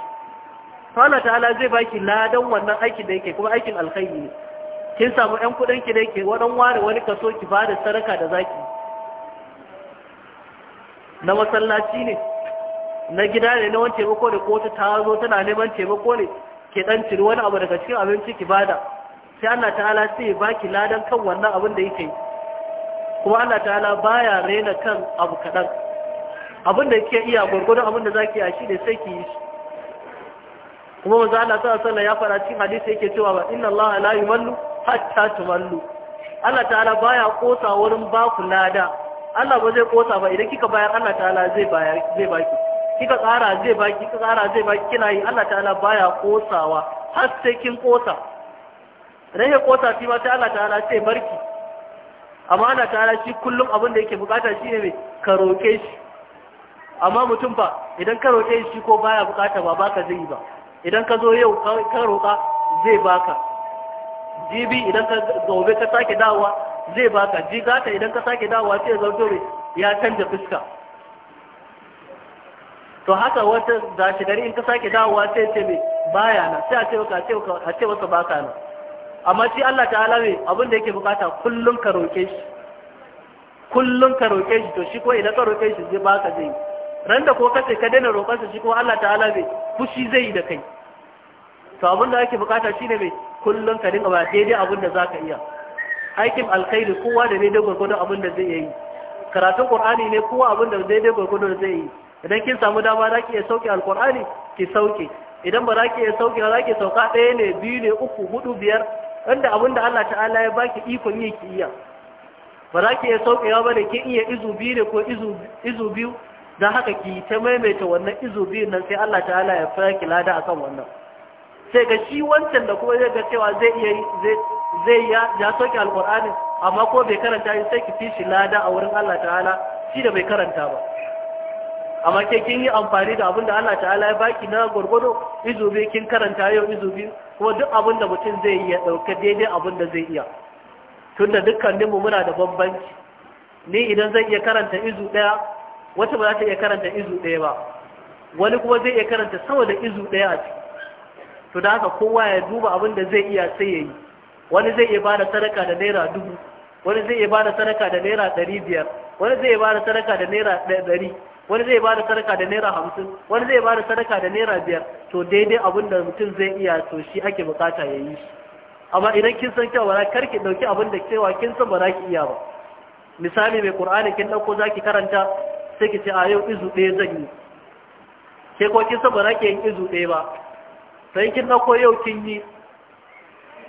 to Allah ta'ala zai baki ladan wannan aikin da yake kuma aikin alkhairi ne kin samu ƴan kuɗinki ki da yake wadan ware wani kaso ki da sadaka da zaki na masallaci ne na gida ne na wani taimako da kotu ta zo tana neman taimako ne ke dan ciri wani abu daga cikin abinci ki bada sai Allah ta'ala sai ya baki ladan kan wannan abin da yake kuma Allah ta'ala baya rena kan abu kaɗan abin da kike iya gurgurdan abin da zaki yi shine sai ki yi kuma manzo Allah sallallahu alaihi ya fara cikin hadisi yake cewa ba inna Allah la yumallu hatta tumallu Allah ta'ala baya kosa wurin baku lada Allah ba zai kosa ba idan kika bayar Allah ta'ala zai bayar zai baki kika tsara zai baki kika tsara zai baki kina yi Allah ta'ala baya kosawa har sai kin kosa idan ya kosa shi ma sai Allah ta'ala sai barki amma Allah ta'ala shi kullum abin da yake bukata shine ne ka roke shi amma mutum ba idan ka roƙe shi ko baya bukata ba baka zai ba idan ka zo yau ka roƙa zai baka jibi idan ka gobe ka sake dawowa zai baka jigata idan ka sake dawowa sai zarto ya canja fuska to haka wata shi gari in ka sake dawowa sai ce me baya na sai a ce ka a ce wasa baka na amma shi Allah ta'ala me abin da yake bukata kullum ka roƙe shi kullum ka roƙe shi to shi ko idan ka roƙe shi zai baka zai ran da ko kace ka daina roƙarsa shi ko Allah ta'ala zai fushi zai yi da kai to abin da ake bukata shine mai kullum ka dinga ba daidai abin da zaka iya aikin alkhairi kowa da daidai gurgudu abin da zai yi karatun qur'ani ne kowa abin da daidai gwargwado zai yi idan kin samu dama za ki iya sauke alkur'ani ki sauke idan ba za ki iya sauke ba za ki sauka ɗaya ne biyu ne uku hudu biyar wanda abin da Allah ta'ala ya baki ikon yi ki iya ba za ki iya sauke ba da kin iya izu biyu ne ko izu biyu don haka ki ta maimaita wannan izo nan sai Allah ta'ala ya fara ki lada akan wannan sai ga shi wancan da kuma zai ga cewa zai iya zai ya ya soke alqur'ani amma ko bai karanta shi sai ki fi lada a wurin Allah ta'ala shi da bai karanta ba amma ke kin yi amfani da abin da Allah ta'ala ya baki na gurgudu izo kin karanta yau izo kuma duk abinda da mutum zai ya dauka daidai abin zai iya tunda dukkaninmu muna da bambanci ni idan zan iya karanta izu daya wata ba za ta iya karanta izu ɗaya ba wani kuma zai iya karanta sama da izu ɗaya a ciki to da haka kowa ya duba abin da zai iya sai ya yi wani zai iya bada sadaka da naira dubu wani zai iya bada sadaka da naira ɗari biyar wani zai iya bada sadaka da naira ɗari wani zai bada sadaka da naira hamsin wani zai bada sadaka da naira biyar to daidai abin da mutum zai iya to shi ake bukata ya yi amma idan kin san cewa ba kar ki dauki abin da cewa kin san ba za ki iya ba misali mai qur'ani kin dauko zaki karanta sai ki ce a yau izu ɗaya zan yi ke ko kin saba ke yin izu ɗaya ba sai kin ɗauko yau kin yi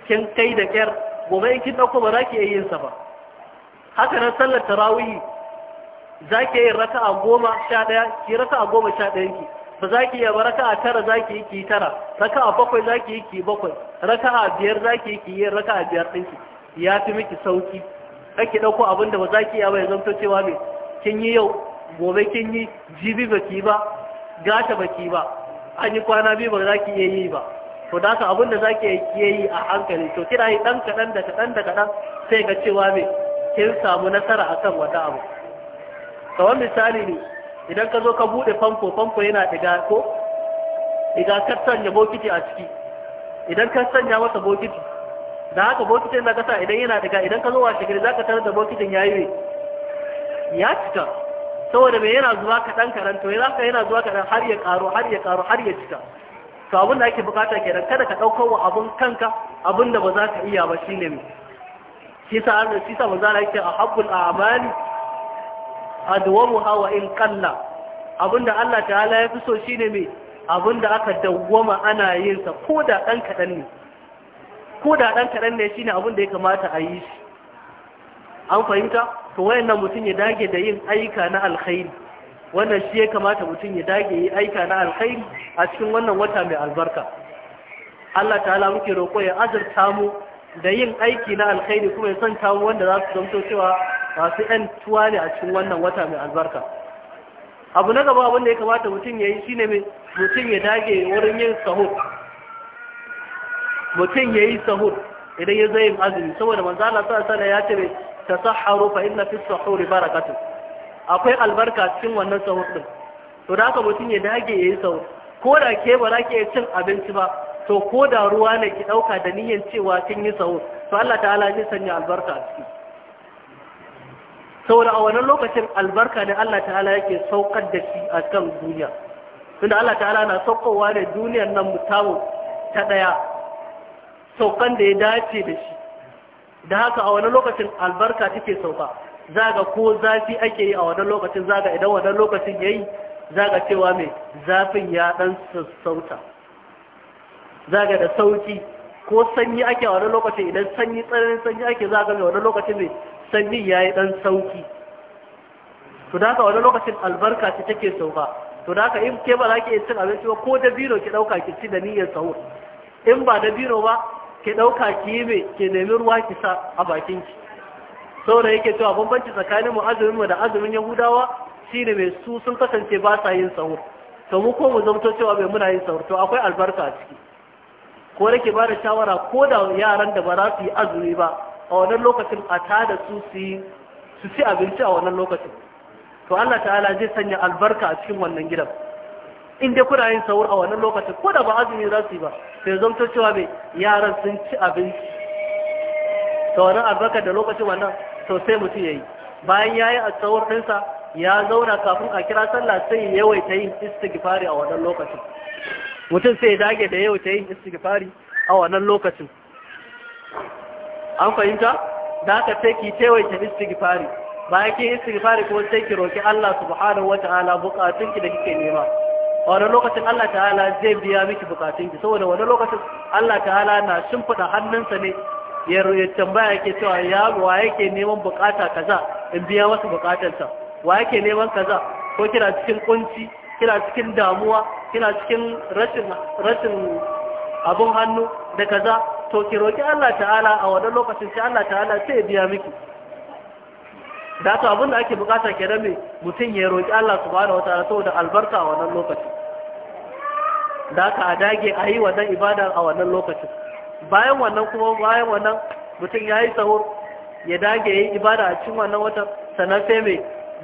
kin kai da ƙyar gobe in kin ɗauko ba za ki iya yin sa ba haka nan sallar tarawihi za ki yi raka'a goma sha ɗaya ki raka'a goma sha ɗayan ki ba za ki yi ba a tara za ki yi ki tara raka'a bakwai za ki yi ki bakwai raka'a biyar za ki yi ki yi raka'a biyar ɗinki ya fi miki sauki ake ɗauko abin da ba za ki a ba ya zanto cewa mai kin yi yau gobe kin yi jibi baki ba gata baki ba an yi kwana biyu ba za ki iya yi ba to da haka abinda za ki iya yi a hankali to kina yi ɗan kaɗan da kaɗan da kaɗan sai ga cewa me kin samu nasara akan wata abu kawai misali ne idan ka zo ka buɗe famfo famfo yana ɗiga ko ɗiga ka sanya bokiti a ciki idan ka sanya masa bokiti da haka bokitin da kasa idan yana ɗiga idan ka zo washe gari za ka tarar da bokitin ya yi ya cika saboda mai yana zuwa kaɗan kaɗan to yana yana zuwa kaɗan har ya ƙaro har ya ƙaro har ya cika to abin da ake bukata nan, kada ka ɗaukar wa abin kanka abin da ba za ka iya ba shi ne mai shi sa an shi sa manzala yake a habbul a'mali adwamu hawa in abin da Allah ta ya fi so shine mai da aka dawwama ana yinsa. ko da ɗan kaɗan ne ko da ɗan kaɗan ne shine abin da ya kamata a yi shi an fahimta to wayannan mutum ya dage da yin aika na alkhairi wannan shi ya kamata mutum ya dage yi aika na alkhairi a cikin wannan wata mai albarka Allah ta'ala muke roƙo ya azurta mu da yin aiki na alkhairi kuma ya santa mu wanda za su zamto cewa masu ƴan tuwa ne a cikin wannan wata mai albarka abu na gaba wanda ya kamata mutum ya yi shine mai mutum ya dage wurin yin sahur mutum ya yi sahur idan ya zai yin azumi saboda manzo Allah sallallahu alaihi wasallam ya ce tasahharu fa inna fi suhuri barakatu akwai albarka cikin wannan sahur din to da haka mutum ya dage yayi sahur ko da ke ba za ki iya cin abinci ba to ko da ruwa ne ki dauka da niyyar cewa kin yi sahur to Allah ta'ala zai sanya albarka a ciki saboda a wannan lokacin albarka ne Allah ta'ala yake saukar da shi a kan duniya tunda Allah ta'ala na saukowa da duniyar nan mutawo ta daya saukan da ya dace da shi da haka a wani lokacin albarka take sauka zaga ko zafi ake yi a wani lokacin zaga idan wani lokacin yayi zaga cewa mai zafin ya dan sassauta zaga da sauki ko sanyi ake a wani lokacin idan sanyi tsananin sanyi ake zaga mai wani lokacin mai sanyi yayi dan sauki to da haka wani lokacin albarka ce take sauka to da haka in ke ba za ki cin abinci ba ko da biro ki dauka ki ci da niyyar sahur in ba da biro ba ki ɗauka ki yi mai ke nemi ruwa ki sa a ki. saboda yake cewa bambanci tsakanin mu azumin mu da azumin yahudawa shine mai su sun kasance ba sa yin sahur to mu ko mu zamto cewa bai muna yin sahur to akwai albarka a ciki ko rake ba da shawara ko da yaran da ba za su yi azumi ba a wannan lokacin a tada su su ci abinci a wannan lokacin to Allah ta'ala zai sanya albarka a cikin wannan gidan in dai kuna yin sahur a wannan lokacin ko da ba azumi za su yi ba sai zamto cewa mai yaran sun ci abinci to wannan albarkar da lokacin wannan to sai mutum ya yi bayan ya yi a sahur ɗinsa ya zauna kafin a kira sallah sai ya yawaita yin istighfari a wannan lokacin mutum sai ya dage da ta yin istighfari a wannan lokacin an fahimta da haka sai ki ta istighfari bayan ki istighfari kuma sai ki roki Allah subhanahu wataala bukatun ki da kike nema a wani lokacin Allah ta'ala zai biya miki bukatun saboda wani lokacin Allah ta'ala na shimfiɗa hannunsa ne ya tambaya ke cewa ya wa yake neman bukata kaza in biya masa bukatarsa wa yake neman kaza ko kina cikin kunci kina cikin damuwa kina cikin rashin rashin abun hannu da kaza to ki roki Allah ta'ala a wani lokacin sai Allah ta'ala sai ya biya miki da to abinda ake bukata ke me mutum ya roki Allah subhanahu wataala saboda albarka a wannan lokacin da ka dage a yi wannan ibada a wannan lokacin bayan wannan kuma bayan wannan mutum ya yi sahur ya dage ya yi ibada a cikin wannan wata, sannan sai mai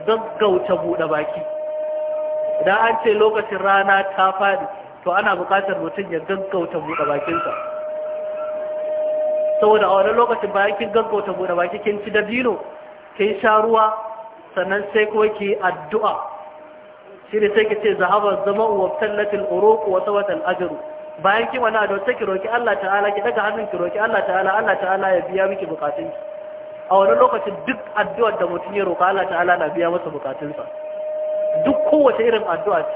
gaggauta buɗe baki idan an ce lokacin rana ta faɗi to ana buƙatar mutum ya gaggauta buɗe bakinsa saboda a wannan lokacin bayan kin gaggauta buɗe baki kin ci dabino Kai sha ruwa sannan sai kuma ki addu'a shi ne sai ki ce zahaba zama uwa tallafin uruq wa sawatal ajru bayan kima na addu'a sai ki roki Allah ta'ala ki daga hannun ki roki Allah ta'ala Allah ta'ala ya biya miki bukatun ki a wani lokacin duk addu'ar da mutum ya roka Allah ta'ala na biya masa bukatunsa duk kowace irin addu'a ce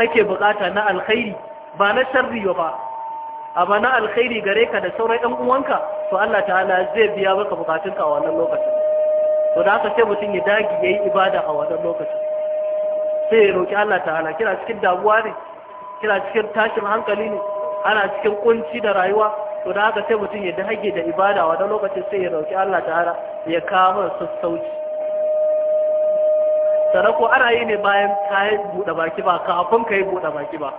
kake bukata na alkhairi ba na sharri ba amma na alkhairi gare ka da sauran ɗan uwanka to Allah ta'ala zai biya maka bukatunka a wannan lokacin to da aka sai mutum ya dagi ya yi ibada a wannan lokacin sai ya roƙi Allah ta'ala kina cikin damuwa ne kina cikin tashin hankali ne ana cikin kunci da rayuwa to da aka sai mutum ya dage da ibada a wannan lokacin sai ya roƙi Allah ta'ala ya kawo sassauci Sadako ana yi ne bayan ka yi buɗe baki ba kafin ka yi buɗe baki ba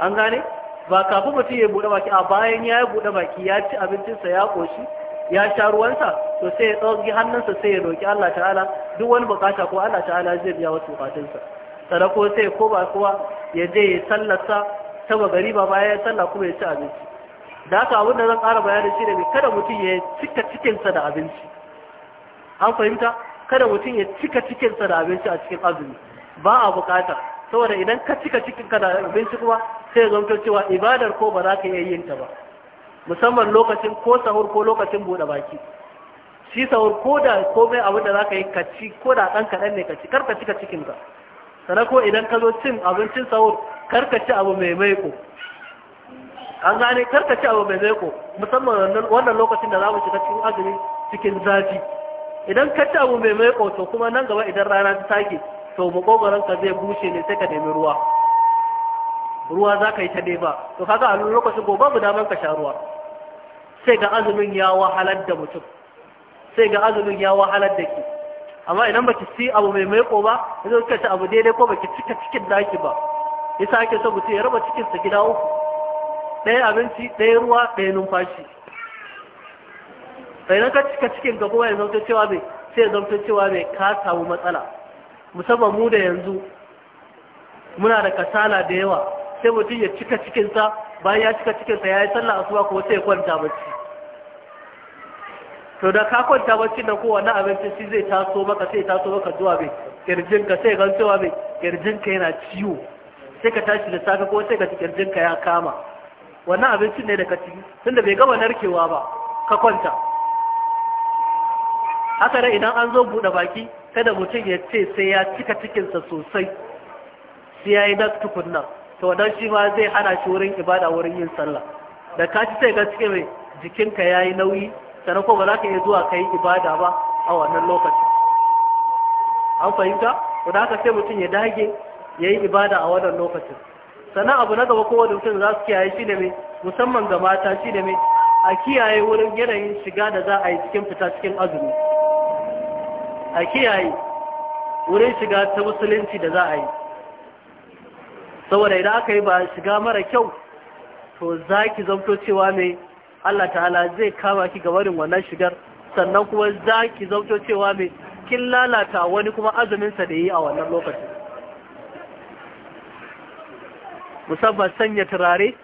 an gane ba kafin mutum ya buɗe baki a bayan ya yi buɗe baki ya ci abincinsa ya ƙoshi ya sha ruwansa to sai ya tsogi hannunsa sai ya roki Allah ta'ala duk wani bukata ko Allah ta'ala zai biya wasu bukatunsa sadako sai ko ba kowa ya je ya sallasa ta gari ba baya ya salla kuma ya ci abinci da haka abin da zan ƙara bayani shi ne kada mutum ya cika cikinsa da abinci an fahimta kada mutum ya cika cikinsa da abinci a cikin azumi ba a bukata saboda idan ka cika cikinka da abinci kuma sai ya zama cewa ibadar ko ba za ka iya yin ta ba musamman lokacin ko sahur ko lokacin buɗe baki shi sahur ko da komai abin da zaka yi kaci ko da ɗan kaɗan ne kaci karka cika cikinka sana ko idan ka zo cin abincin sahur karka ci abu mai maiko an gane karka ci abu mai maiko musamman wannan lokacin da za mu shiga cikin azumi cikin zafi idan ka ci abu mai maiko to kuma nan gaba idan rana ta take to makogoron ka zai bushe ne sai ka nemi ruwa ruwa za ka yi ta ba, to kaga a lokacin gobe babu daman ka sha ruwa sai ga azumin ya wahalar da mutum sai ga azumin ya wahalar da ke amma idan baki ci abu mai maiko ba yanzu kika ci abu daidai ko ki cika cikin daki ba yasa ake so mutum ya raba cikin sa gida uku ɗaya abinci ɗaya ruwa ɗaya numfashi sai na ka cika cikin gaba ya zauta cewa mai sai ya zauta cewa mai ka samu matsala musamman mu da yanzu muna da kasala da yawa sai mutum ya cika cikinsa bayan ya cika cikinsa ya yi sallah asuba ko sai ya kwanta bacci to da ka kwanta bacci da wani abinci shi zai taso maka sai taso maka zuwa mai kirjin ka sai gan cewa mai kirjin ka yana ciwo sai ka tashi da safe ko sai ka ci kirjin ka ya kama wannan abincin ne da ka ci tunda bai gama narkewa ba ka kwanta haka da idan an zo buɗe baki kada mutum ya ce sai ya cika cikinsa sosai sai ya yi na tukunna to dan shi ma zai hana shi wurin ibada wurin yin sallah da ka ci sai ga cikin jikinka ya yi nauyi sannan ko ba za ka iya zuwa ka yi ibada ba a wannan lokaci an fahimta ko da haka sai mutum ya dage ya yi ibada a wannan lokacin sannan abu na gaba kowane mutum za su kiyaye shi da mai musamman ga mata shi da mai a kiyaye wurin yanayin shiga da za a yi cikin fita cikin azumi a kiyaye wurin shiga ta musulunci da za a yi saboda idan aka yi ba shiga mara kyau to za ki zamto cewa mai Allah ta'ala zai kama ki ga warin wannan shigar sannan kuma za ki zauto cewa mai kin lalata wani kuma azuminsa da yi a wannan lokacin musamman sanya turare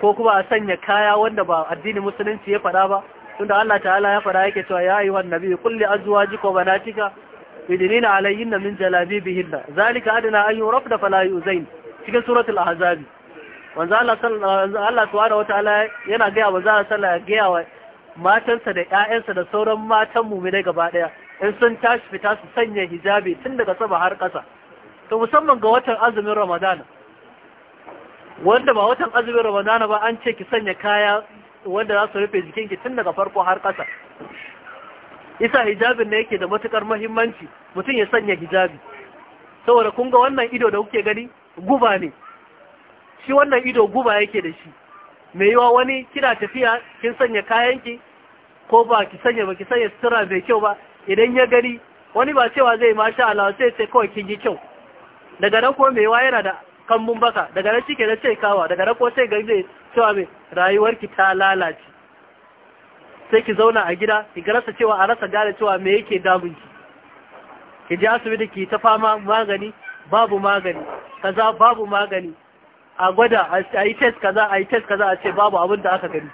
ko kuma a sanya kaya wanda ba addinin musulunci ya faɗa ba tunda Allah ta'ala ya fada yake cewa ya yi wa nabi kulli azwajika wa banatika yudnina alayhinna min jalabibihinna zalika adna an rafda fala yuzain cikin suratul ahzabi wanzu Allah subhanahu wataala yana gaya wa zara sallah gaya wa matansa da ƴaƴansa da sauran matan mu'minai gaba ɗaya in sun tashi fita su sanya hijabi tun daga sama har ƙasa to musamman ga watan azumin ramadana wanda ba watan azumin ramadana ba an ce ki sanya kaya wanda za su rufe jikinki tun daga farko har ƙasa isa hijabin ne yake da matukar mahimmanci mutum ya sanya hijabi saboda kun ga wannan ido da kuke gani guba ne shi wannan ido guba yake da shi mai yiwa wani kina tafiya kin sanya kayanki ko ba ki sanya ba ki sanya sutura mai kyau ba idan ya gani wani ba cewa zai masha Allah sai sai kawai kin yi kyau daga nan kuma mai yana da kambun baka daga nan shike da sai kawa daga nan kuma sai ga zai cewa mai rayuwarki ta lalace sai ki zauna a gida ki rasa cewa a rasa gane cewa me yake damun ki Ki je asibiti ki ta fama magani babu magani kaza babu magani a gwada a yi test kaza a yi test kaza a ce babu abin da aka gani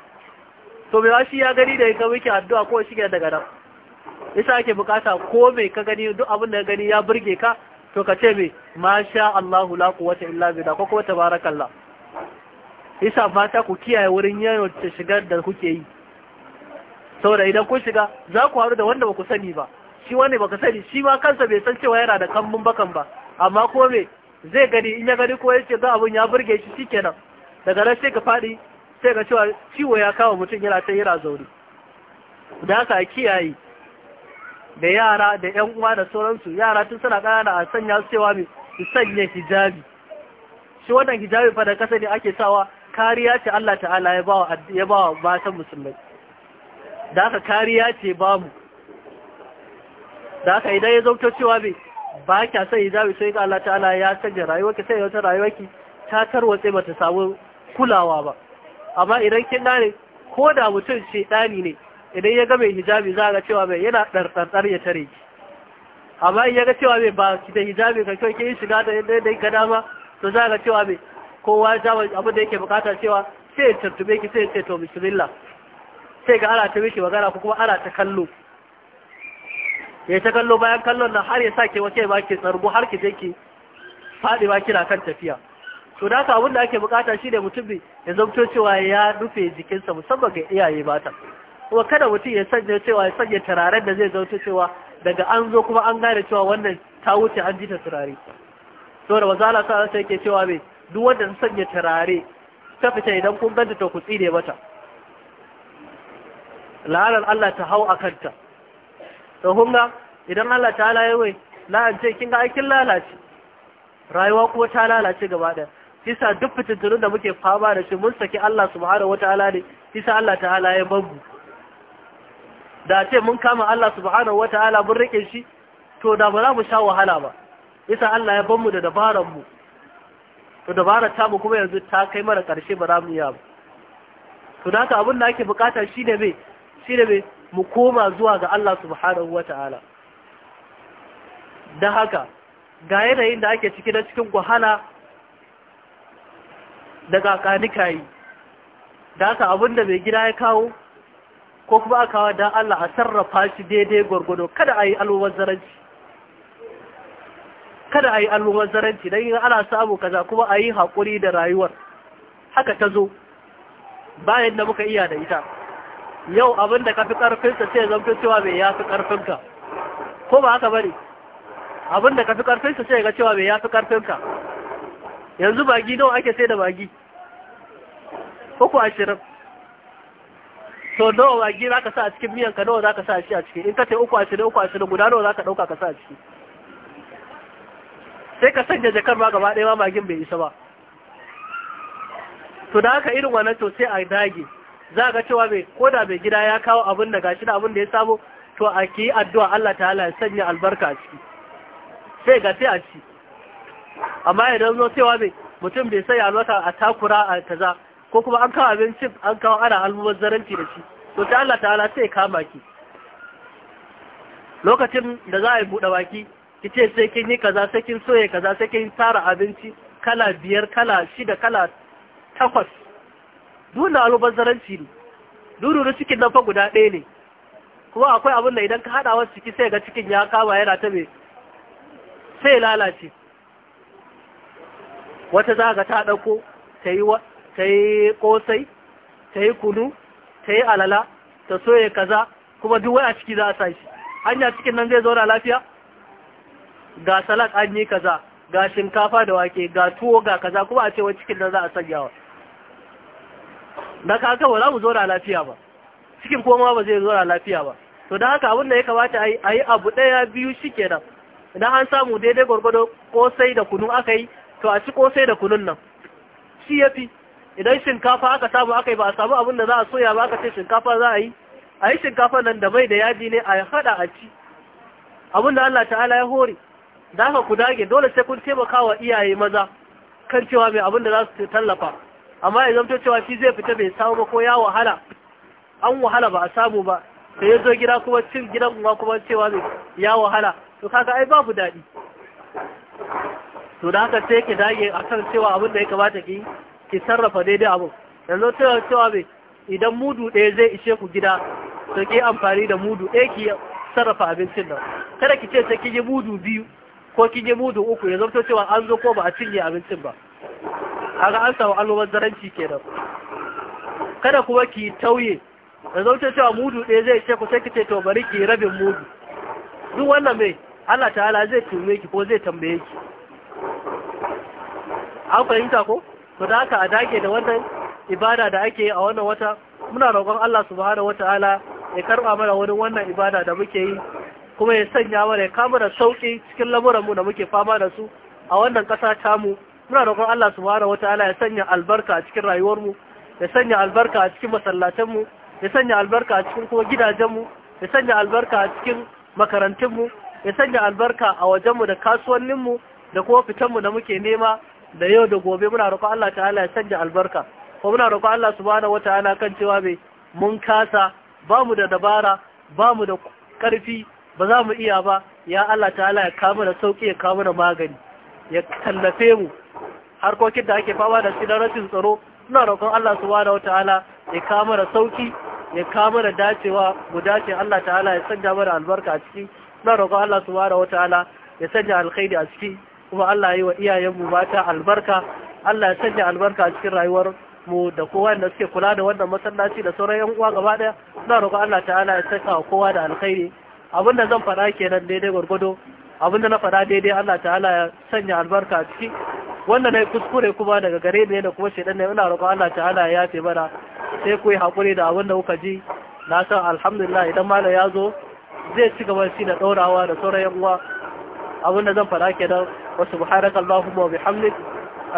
to mai shi ya gani da ya muke addu'a ko shi daga nan isa ake bukata ko mai ka gani duk abin da gani ya burge ka to ka ce mai masha Allahu la quwwata illa billah ko kuma tabarakallah isa mata ku kiyaye wurin yayin ta shigar da kuke yi saboda idan kun shiga za ku haru da wanda ba ku sani ba shi wanne ba ka sani shi ma kansa bai san cewa yana da kambun bakan ba amma ko me zai gani in ya gani ko ya ce ga abin ya burge shi shikenan daga nan sai ka faɗi sai ka cewa ciwo ya kawo mutum yana ta yana zaune da haka kiyaye da yara da yan uwa da sauransu yara tun suna ƙanana a sanya su cewa mai su sanya hijabi shi wannan hijabi fa da kasa ne ake sawa kariya ce Allah ta'ala ya bawa ya bawa matan musulmai da haka kariya ce bamu da haka idan ya zauto cewa mai ba kya sai hijabi sai ga Allah ta'ala ya canja rayuwarki sai wata rayuwarki ta tarwatse ba ta samu kulawa ba amma idan kin gane ko da mutum ce ɗani ne idan ya ga mai hijabi za ga cewa mai yana ɗarɗarɗar ya tare ki amma in ya ga cewa mai ba ki da hijabi ka kyau ke shiga da yadda yadda ka dama to za ga cewa mai kowa ya jawo abu da yake bukata cewa sai ya tuntube ki sai ya ce to bismillah sai ga ana ta mishi magana ko kuma ana ta kallo ya ta kallo bayan kallon nan har ya sake wace ba ke tsargu har ki je ki faɗi ba kina kan tafiya to da haka abinda da ake bukata shi ne mutum ya zamto cewa ya rufe jikinsa musamman ga iyaye mata kuma kada mutum ya sanya cewa ya sanya turaren da zai zamto cewa daga an zo kuma an gane cewa wannan ta wuce an ji ta turare to da wazala sa sai yake cewa me duk wanda ta sanya turare ta fita idan kun ganta to ku tsire mata la'anar Allah ta hau a kanta to hunga idan Allah ta halaye wai la'ance kin ga aikin lalace rayuwa kuma ta lalace gaba ɗaya kisa duk fitintunun da muke fama da shi mun saki Allah subhanahu wataala ne kisa Allah ta halaye babu da ce mun kama Allah subhanahu wataala mun rike shi to da ba za mu sha wahala ba isa Allah ya banmu da dabaran mu to dabara ta mu kuma yanzu ta kai mara karshe ba za mu iya ba to da haka abin da ake bukata shine me shine me mu koma zuwa ga Allah subhanahu wata'ala da haka ga yanayin da ake ciki na cikin wahala daga yi, da haka abinda mai gida ya kawo ko kuma aka kawo don Allah a sarrafa shi daidai gwargwado kada a yi zaranci kada a yi zaranci don yin ana samu kaza kuma a yi haƙuri da rayuwar haka ta zo bayan da muka iya da ita yau abin da ka fi ƙarfinsa sai fi cewa bai ya fi ƙarfinka ko ba haka bari abin da ka fi ƙarfinsa sai ga cewa bai ya fi ƙarfinka yanzu bagi nawa ake sai da bagi uku ashirin to nawa bagi za ka sa a cikin miyan ka nawa za ka sa a ciki in ka ce uku ashirin uku ashirin guda nawa za ka ɗauka ka sa a ciki sai ka sanya jakar ma gaba ɗaya ma magin bai isa ba to da haka irin wannan to sai a dage za ga cewa mai koda mai gida ya kawo abin da gashi da abin da ya samu to a ki addu'a Allah ta'ala ya sanya albarka a ciki sai ga sai a ci amma idan zo cewa mai mutum bai sanya albarka a takura a kaza ko kuma an kawo abinci an kawo ana zaranci da shi to ta Allah ta'ala sai kama ki lokacin da za a yi buɗe baki ki ce sai kin yi kaza sai kin soye kaza sai kin tara abinci kala biyar kala shida kala takwas duna zaranci ne dururu cikin nan fa guda ɗaya ne kuma akwai abin da idan ka haɗa wasu ciki sai ga cikin ya kama yana ta mai sai lalace wata za ga ta ɗauko ta yi ƙosai ta yi kunu ta yi alala ta soye kaza kuma duk waya ciki za a sa shi hanya cikin nan zai zauna lafiya ga salak an yi kaza ga shinkafa da wake ga tuwo ga kaza kuma a ce cikin nan za a sanyawa da ka haka ba mu zo da lafiya ba cikin koma ba zai zo da lafiya ba to da haka abin da ya kamata a yi abu ɗaya biyu shi kenan idan an samu daidai gwargwado kosai da kunu aka yi to a ci kosai da kunun nan shi ya fi idan shinkafa aka samu aka ba a samu abin da za a soya ba aka ce shinkafa za a yi a yi shinkafa nan da bai da yadi ne a haɗa a ci abin da Allah ta'ala ya hore da haka ku dage dole sai kun taimaka wa iyaye maza kan cewa mai abin da za su tallafa amma ya zamto cewa shi zai fita bai samu ba ko ya wahala an wahala ba a samu ba sai ya zo gida kuma cin gidan kuma kuma cewa ya wahala to kaga ai babu daɗi to da haka sai ki dage a kan cewa abin da ya kamata ki ki sarrafa daidai abin yanzu cewa cewa bai idan mudu ɗaya zai ishe ku gida to ki amfani da mudu ɗaya ki sarrafa abincin nan kada ki ce sai ki yi mudu biyu ko ki yi mudu uku ya zanto cewa an zo ko ba a cinye abincin ba kaga an samu almubazzaranci kenan kada kuma ki tauye da zauce cewa mudu ɗaya zai ce ku sai ki to bari ki rabin mudu duk wannan mai Allah ta'ala zai tume ki ko zai tambaye ki an fahimta ko to da haka a dage da wannan ibada da ake yi a wannan wata muna roƙon Allah subhanahu wata'ala ya karɓa mana wurin wannan ibada da muke yi kuma ya sanya mana ya kama da sauƙi cikin lamuranmu da muke fama da su a wannan ƙasa tamu muna roƙon Allah subhanahu wataala ya sanya albarka a cikin rayuwarmu ya sanya albarka a cikin masallatanmu ya sanya albarka a cikin kuma gidajenmu ya sanya albarka a cikin makarantunmu ya sanya albarka a wajenmu da kasuwannin mu da kuma mu da muke nema da yau da gobe muna roƙon Allah ta'ala ya sanya albarka ko muna roƙon Allah subhanahu wataala kan cewa mai mun kasa ba mu da dabara ba mu da ƙarfi ba za mu iya ba ya Allah ta'ala ya kama da sauƙi ya kama da magani ya tallafe mu harkokin da ake fama da shi na rashin tsaro suna roƙon Allah su wata ala ya kama da sauki ya kama da dacewa mu dace Allah ta'ala ya sanya mana albarka a ciki suna roƙon Allah su wata ala ya sanya alkhairi a ciki kuma Allah ya yi wa iyayen mu mata albarka Allah ya sanya albarka a cikin rayuwar mu da kowa da suke kula da wannan masallaci da sauran yan uwa gaba daya suna roƙon Allah ta'ala ya saka kowa da alkhairi abinda zan faɗa kenan daidai gwargwado abinda na fara daidai Allah ta'ala ya sanya albarka a ciki wanda na kuskure kuma daga gare ne da kuma shaidan ne ina roƙon Allah ta'ala ya yafe mana sai ku yi haƙuri da abin da kuka ji na san alhamdulillah idan mala ya zo zai ci gaba shi da ɗaurawa da sauran yan uwa abin da zan faɗa kenan wa subhanaka allahumma wa bihamdik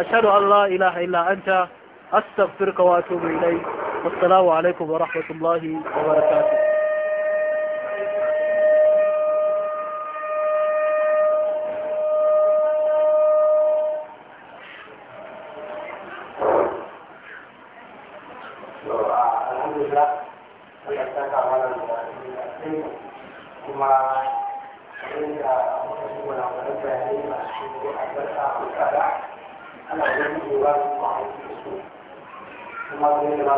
ashhadu an la ilaha illa anta astaghfiruka wa atubu ilayk wassalamu alaikum wa rahmatullahi wa barakatuh di dua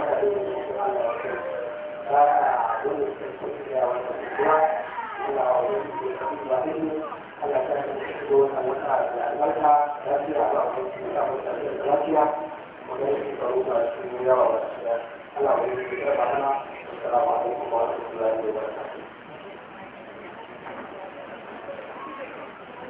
kali ini dan Assalamualaikum warahmatullahi wabarakatuh